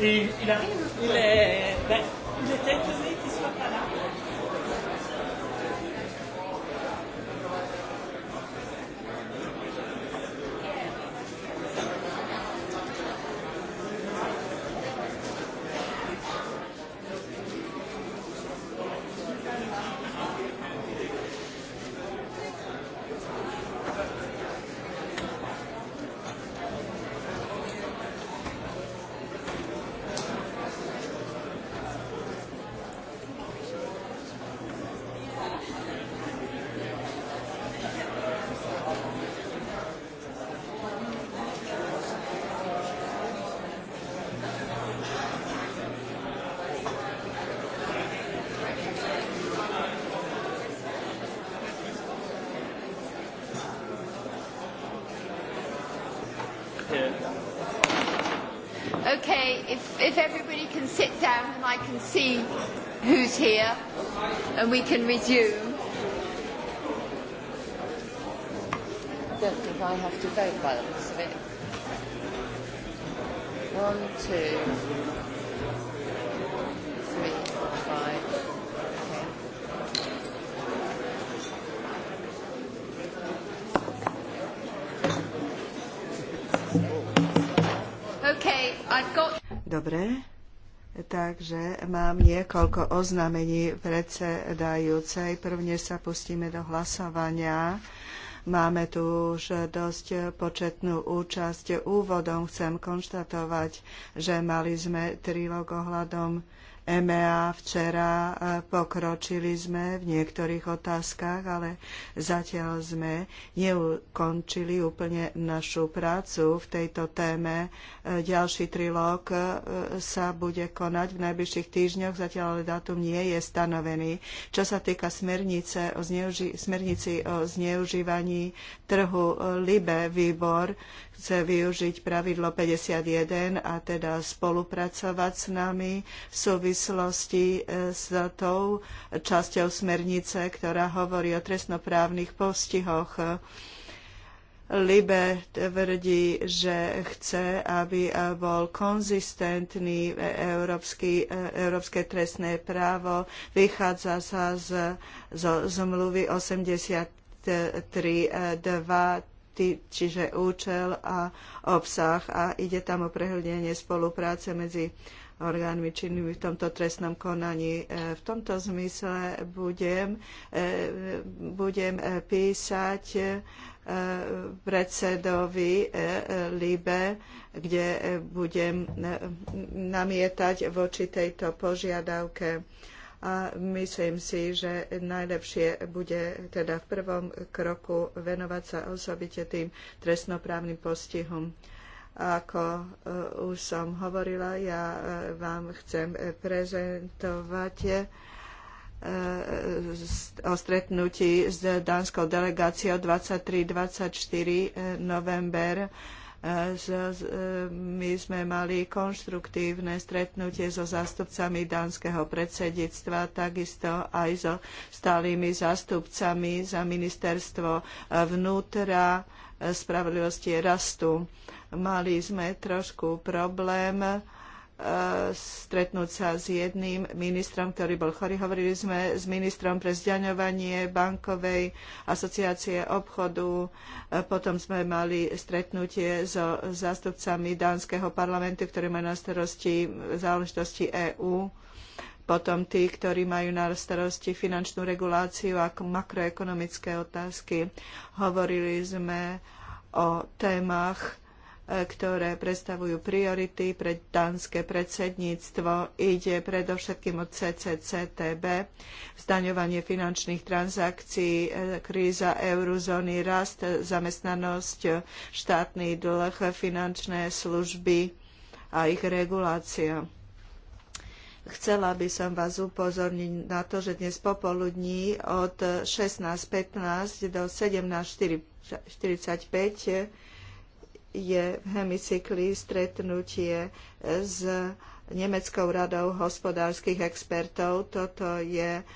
Speaker 1: Il, il arrive il est... and we can resume. I don't think I have to vote, by the way. takže mám niekoľko oznámení predsedajúcej. Prvne sa pustíme do hlasovania. Máme tu už dosť početnú účasť. Úvodom chcem konštatovať, že mali sme trilog ohľadom EMEA včera. E, pokročili sme v niektorých otázkach, ale zatiaľ sme neukončili úplne našu prácu v tejto téme. E, ďalší trilóg e, sa bude konať v najbližších týždňoch, zatiaľ ale dátum nie je stanovený. Čo sa týka smernice o zneuži- smernici o zneužívaní trhu LIBE výbor chce využiť pravidlo 51 a teda spolupracovať s nami v súvislosti e, s tou časťou smernice, ktorá hovorí o trestnoprávnych postihoch. Libe tvrdí, že chce, aby e, bol konzistentný e, európsky, európske trestné právo. Vychádza sa z, z zmluvy 83.2 ty, čiže účel a obsah a ide tam o prehľadenie spolupráce medzi orgánmi činnými v tomto trestnom konaní. E, v tomto zmysle budem, e, budem písať e, predsedovi Libe, kde budem namietať voči tejto požiadavke a myslím si, že najlepšie bude teda v prvom kroku venovať sa osobite tým trestnoprávnym postihom. Ako e, už som hovorila, ja e, vám chcem prezentovať e, o stretnutí s dánskou delegáciou 23-24 november my sme mali konštruktívne stretnutie so zástupcami dánskeho predsedníctva, takisto aj so stálymi zástupcami za ministerstvo vnútra, spravodlivosti rastu. Mali sme trošku problém stretnúť sa s jedným ministrom, ktorý bol chorý. Hovorili sme s ministrom pre zdaňovanie bankovej asociácie obchodu. Potom sme mali stretnutie so zástupcami dánskeho parlamentu, ktorí majú na starosti záležitosti EÚ. Potom tí, ktorí majú na starosti finančnú reguláciu a makroekonomické otázky. Hovorili sme o témach, ktoré predstavujú priority pre dánske predsedníctvo. Ide predovšetkým o CCCTB, zdaňovanie finančných transakcií, e, kríza eurozóny, rast, zamestnanosť, štátny dlh, finančné služby a ich regulácia. Chcela by som vás upozorniť na to, že dnes popoludní od 16.15 do 17.45 je v hemicykli stretnutie s Nemeckou radou hospodárskych expertov. Toto je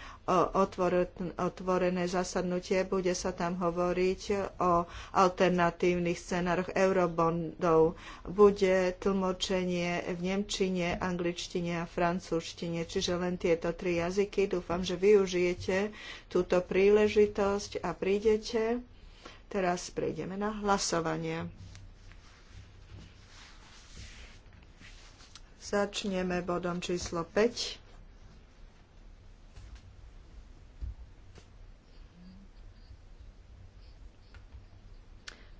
Speaker 1: otvorené zasadnutie. Bude sa tam hovoriť o alternatívnych scenároch eurobondov. Bude tlmočenie v nemčine, angličtine a francúzštine, čiže len tieto tri jazyky. Dúfam, že využijete túto príležitosť a prídete. Teraz prejdeme na hlasovanie. Začneme bodom číslo 5.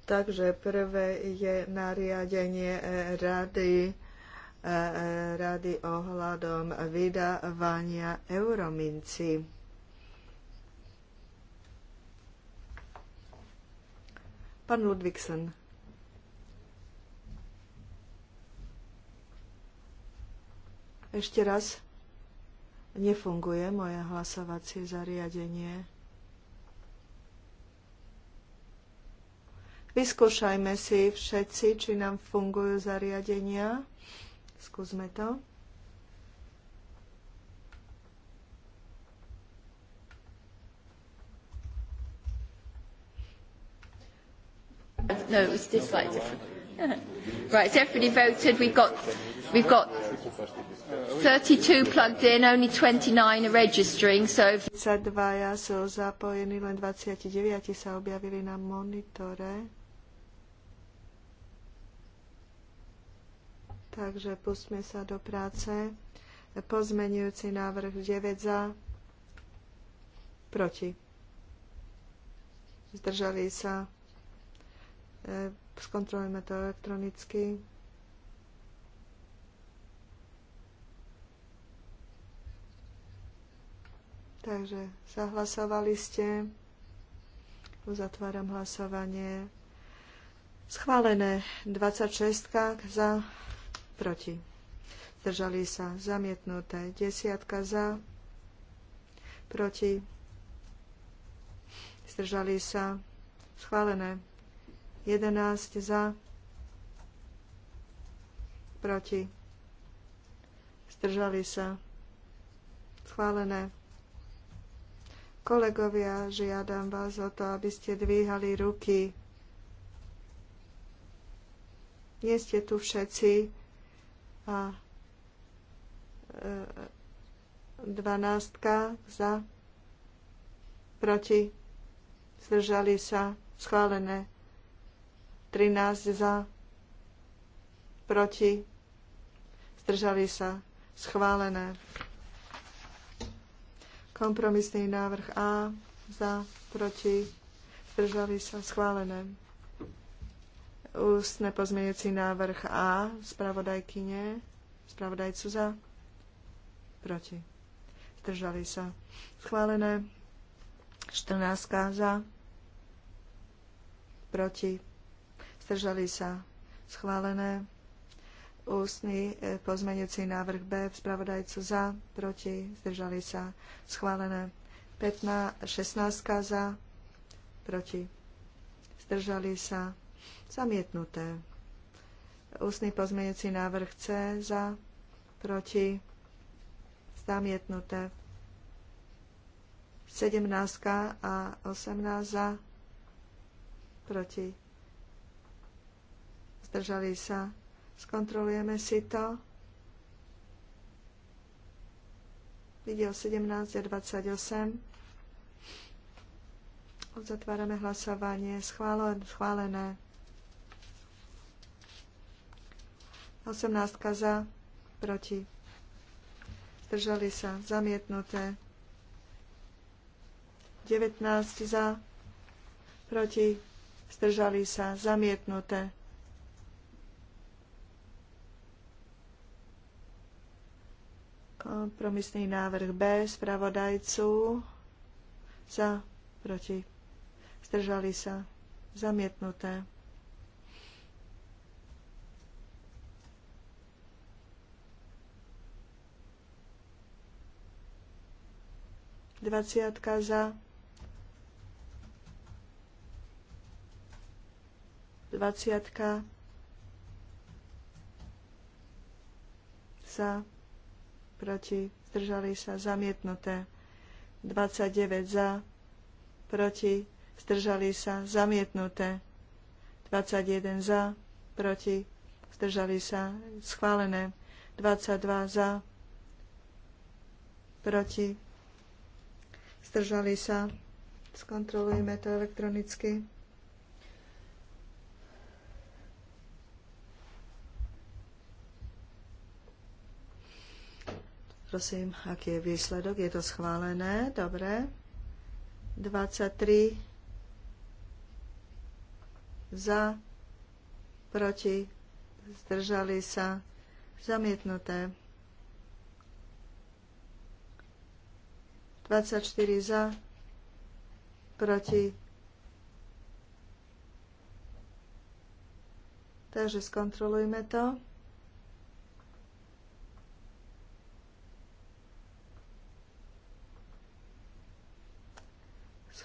Speaker 1: Takže prvé je nariadenie eh, rady, eh, rady ohľadom vydávania eurominci. Pan Ludvigsen. Ešte raz nefunguje moje hlasovacie zariadenie. Vyskúšajme si všetci, či nám fungujú zariadenia. Skúsme to.
Speaker 3: No, it's this like different. <laughs>
Speaker 1: right, has everybody voted? We've got, we've got 32 plugged in, only 29 are registering, so... if... 22 sú zapojení, len 29 sa objavili na monitore. Takže pustme sa do práce. Pozmenujúci návrh 9 za, proti. Zdržali sa e, Skontrolujeme to elektronicky. Takže zahlasovali ste. Uzatváram hlasovanie. Schválené 26 za, proti. Zdržali sa zamietnuté 10 za, proti. Zdržali sa schválené 11 za, proti, zdržali sa, schválené. Kolegovia, žiadam vás o to, aby ste dvíhali ruky. Nie ste tu všetci a e, dvanástka za, proti, zdržali sa, schválené. 13 za, proti, zdržali sa, schválené. Kompromisný návrh A, za, proti, zdržali sa, schválené. Ústne pozmeňujúci návrh A, spravodajkyne, spravodajcu za, proti, zdržali sa, schválené. 14 za, proti, Zdržali sa schválené. Ústny e, pozmenujúci návrh B v spravodajcu za, proti, zdržali sa schválené. 15, 16 za, proti, zdržali sa zamietnuté. Ústny pozmenujúci návrh C za, proti, zamietnuté. 17 a 18 za, proti, zdržali sa. Skontrolujeme si to. Videl 17 a 28. Uzatvárame hlasovanie. schválené. 18 za, proti. Zdržali sa. Zamietnuté. 19 za, proti. Zdržali sa. Zamietnuté. Kompromisný návrh B spravodajcu za, proti, zdržali sa, zamietnuté. Dvaciatka za, Dvaciatka. za proti, zdržali sa zamietnuté. 29 za, proti, zdržali sa zamietnuté. 21 za, proti, zdržali sa schválené. 22 za, proti, zdržali sa. Skontrolujeme to elektronicky. prosím, aký je výsledok. Je to schválené, dobre. 23 za, proti, zdržali sa, zamietnuté. 24 za, proti, Takže skontrolujme to.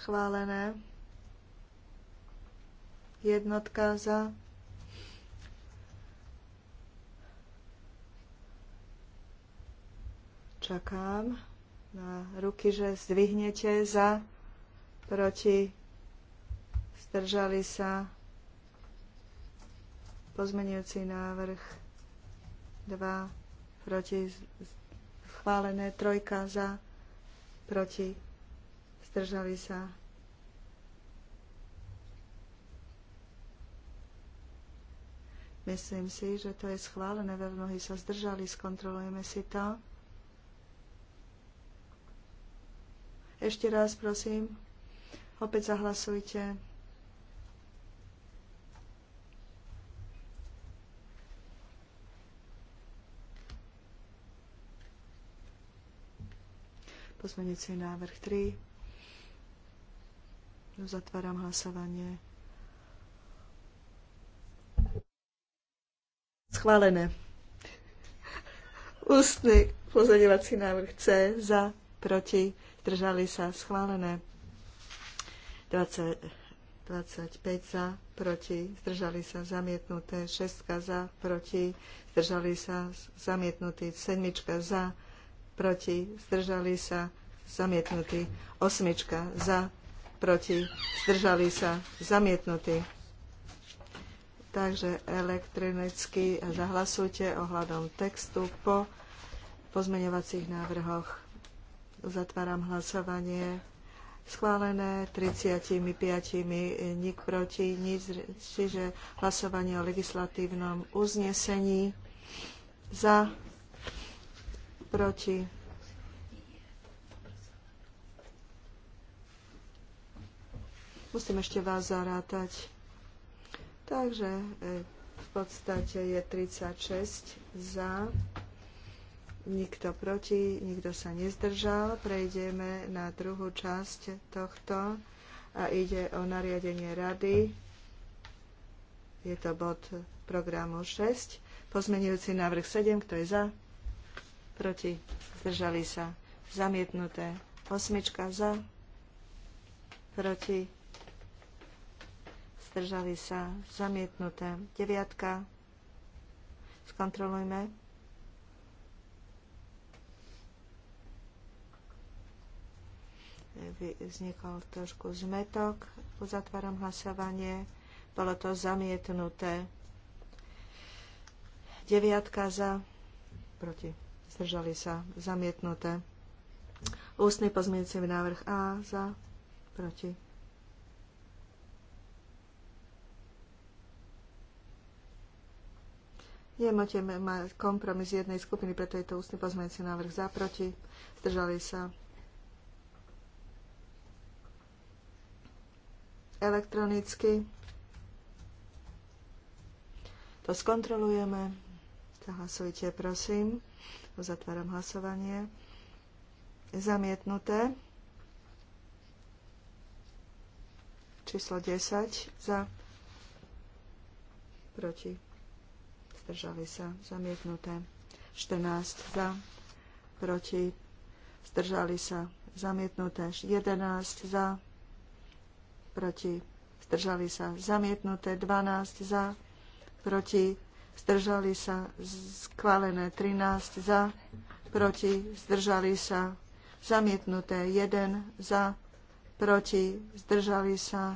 Speaker 1: schválené. Jednotka za. Čakám na ruky, že zdvihnete za, proti, zdržali sa. Pozmenujúci návrh 2, proti, schválené, trojka za, proti, zdržali sa. Myslím si, že to je schválené, veľmi mnohí sa zdržali, skontrolujeme si to. Ešte raz, prosím, opäť zahlasujte. Pozmenujúci návrh 3. Zatváram hlasovanie. Schválené. Ústny pozorovací návrh C za, proti, zdržali sa, schválené. 20, 25 za, proti, zdržali sa, zamietnuté. 6 za, proti, zdržali sa, zamietnutý. 7 za, proti, zdržali sa, zamietnutý. 8 za, proti, zdržali sa, zamietnutí. Takže elektronicky zahlasujte ohľadom textu po pozmeňovacích návrhoch. Uzatváram hlasovanie. Schválené 35, nik proti, nič, čiže hlasovanie o legislatívnom uznesení za, proti, Musím ešte vás zarátať. Takže e, v podstate je 36 za, nikto proti, nikto sa nezdržal. Prejdeme na druhú časť tohto a ide o nariadenie rady. Je to bod programu 6. Pozmenujúci návrh 7, kto je za? Proti, zdržali sa. Zamietnuté. Osmička za, proti, zdržali sa, zamietnuté. Deviatka, skontrolujme. Vznikol trošku zmetok, uzatváram hlasovanie, bolo to zamietnuté. Deviatka za, proti, zdržali sa, zamietnuté. Ústny pozmienci návrh A za, proti, Nemáte mať kompromis jednej skupiny, preto je to ústny pozmeňujúci návrh za, proti, zdržali sa. Elektronicky. To skontrolujeme. Zahlasujte, prosím. Uzatváram hlasovanie. Zamietnuté. Číslo 10 za. Proti zdržali sa, zamietnuté. 14 za, proti, zdržali sa, zamietnuté. 11 za, proti, zdržali sa, zamietnuté. 12 za, proti, zdržali sa, schválené. 13 za, proti, zdržali sa, zamietnuté. 1 za, proti, zdržali sa,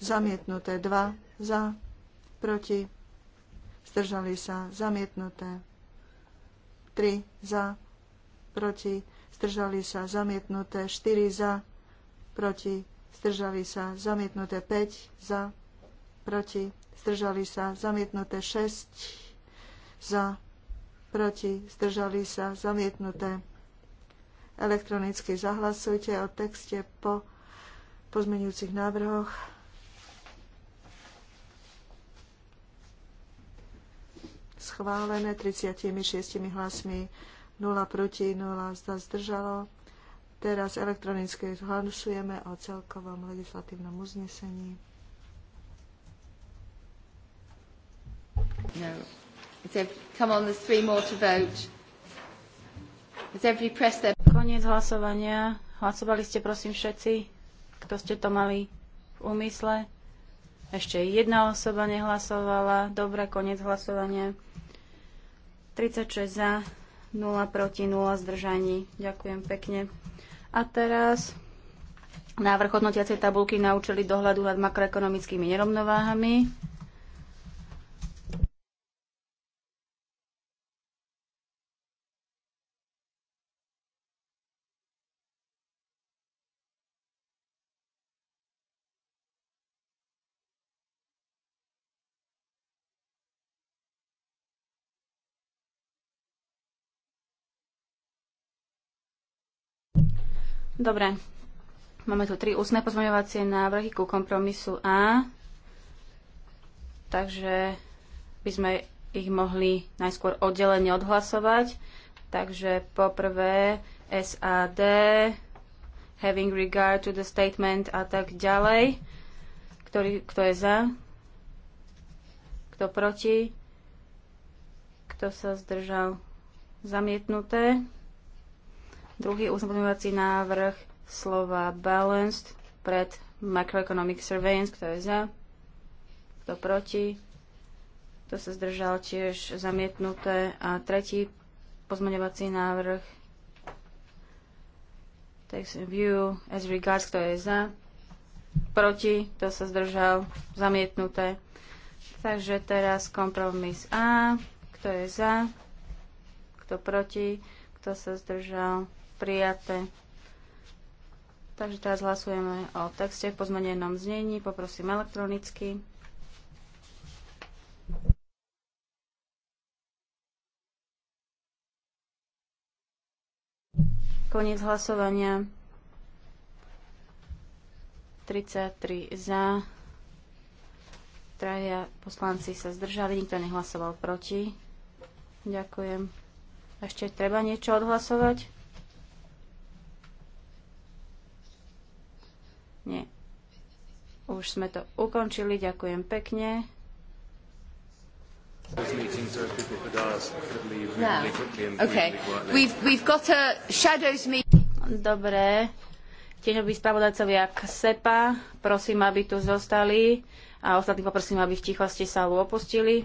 Speaker 1: zamietnuté. 2 za, proti, zdržali sa, zamietnuté. 3 za, proti, zdržali sa, zamietnuté. 4 za, proti, zdržali sa, zamietnuté. 5 za, proti, zdržali sa, zamietnuté. 6 za, proti, zdržali sa, zamietnuté. Elektronicky zahlasujte o texte po pozmeňujúcich návrhoch. schválené 36 hlasmi 0 proti 0 zda zdržalo. Teraz elektronicky hlasujeme o celkovom legislatívnom uznesení. No. Come on, there's three more to vote. Has everybody
Speaker 3: pressed their... Koniec hlasovania. Hlasovali ste prosím všetci, kto ste to mali v úmysle. Ešte jedna osoba nehlasovala. Dobre, koniec hlasovania. 36 za, 0 proti, 0 zdržaní. Ďakujem pekne. A teraz návrh hodnotiacej tabulky na účely dohľadu nad makroekonomickými nerovnováhami. Dobre, máme tu tri ústne pozmeňovacie návrhy ku kompromisu A, takže by sme ich mohli najskôr oddelenie odhlasovať. Takže poprvé SAD, having regard to the statement a tak ďalej. Ktorý, kto je za? Kto proti? Kto sa zdržal? Zamietnuté. Druhý uznamenovací návrh slova balanced pred macroeconomic surveillance, kto je za, kto proti, kto sa zdržal tiež zamietnuté. A tretí pozmeňovací návrh text view as regards, kto je za, proti, kto sa zdržal, zamietnuté. Takže teraz kompromis A, kto je za, kto proti, kto sa zdržal, prijaté. Takže teraz hlasujeme o texte v pozmenenom znení. Poprosím elektronicky. Koniec hlasovania. 33 za. Traja poslanci sa zdržali, nikto nehlasoval proti. Ďakujem. Ešte treba niečo odhlasovať? Nie. Už sme to ukončili. Ďakujem pekne. Dobre. Tieňoví spravodajcovia k SEPA, prosím, aby tu zostali a ostatní poprosím, aby v tichosti sa opustili.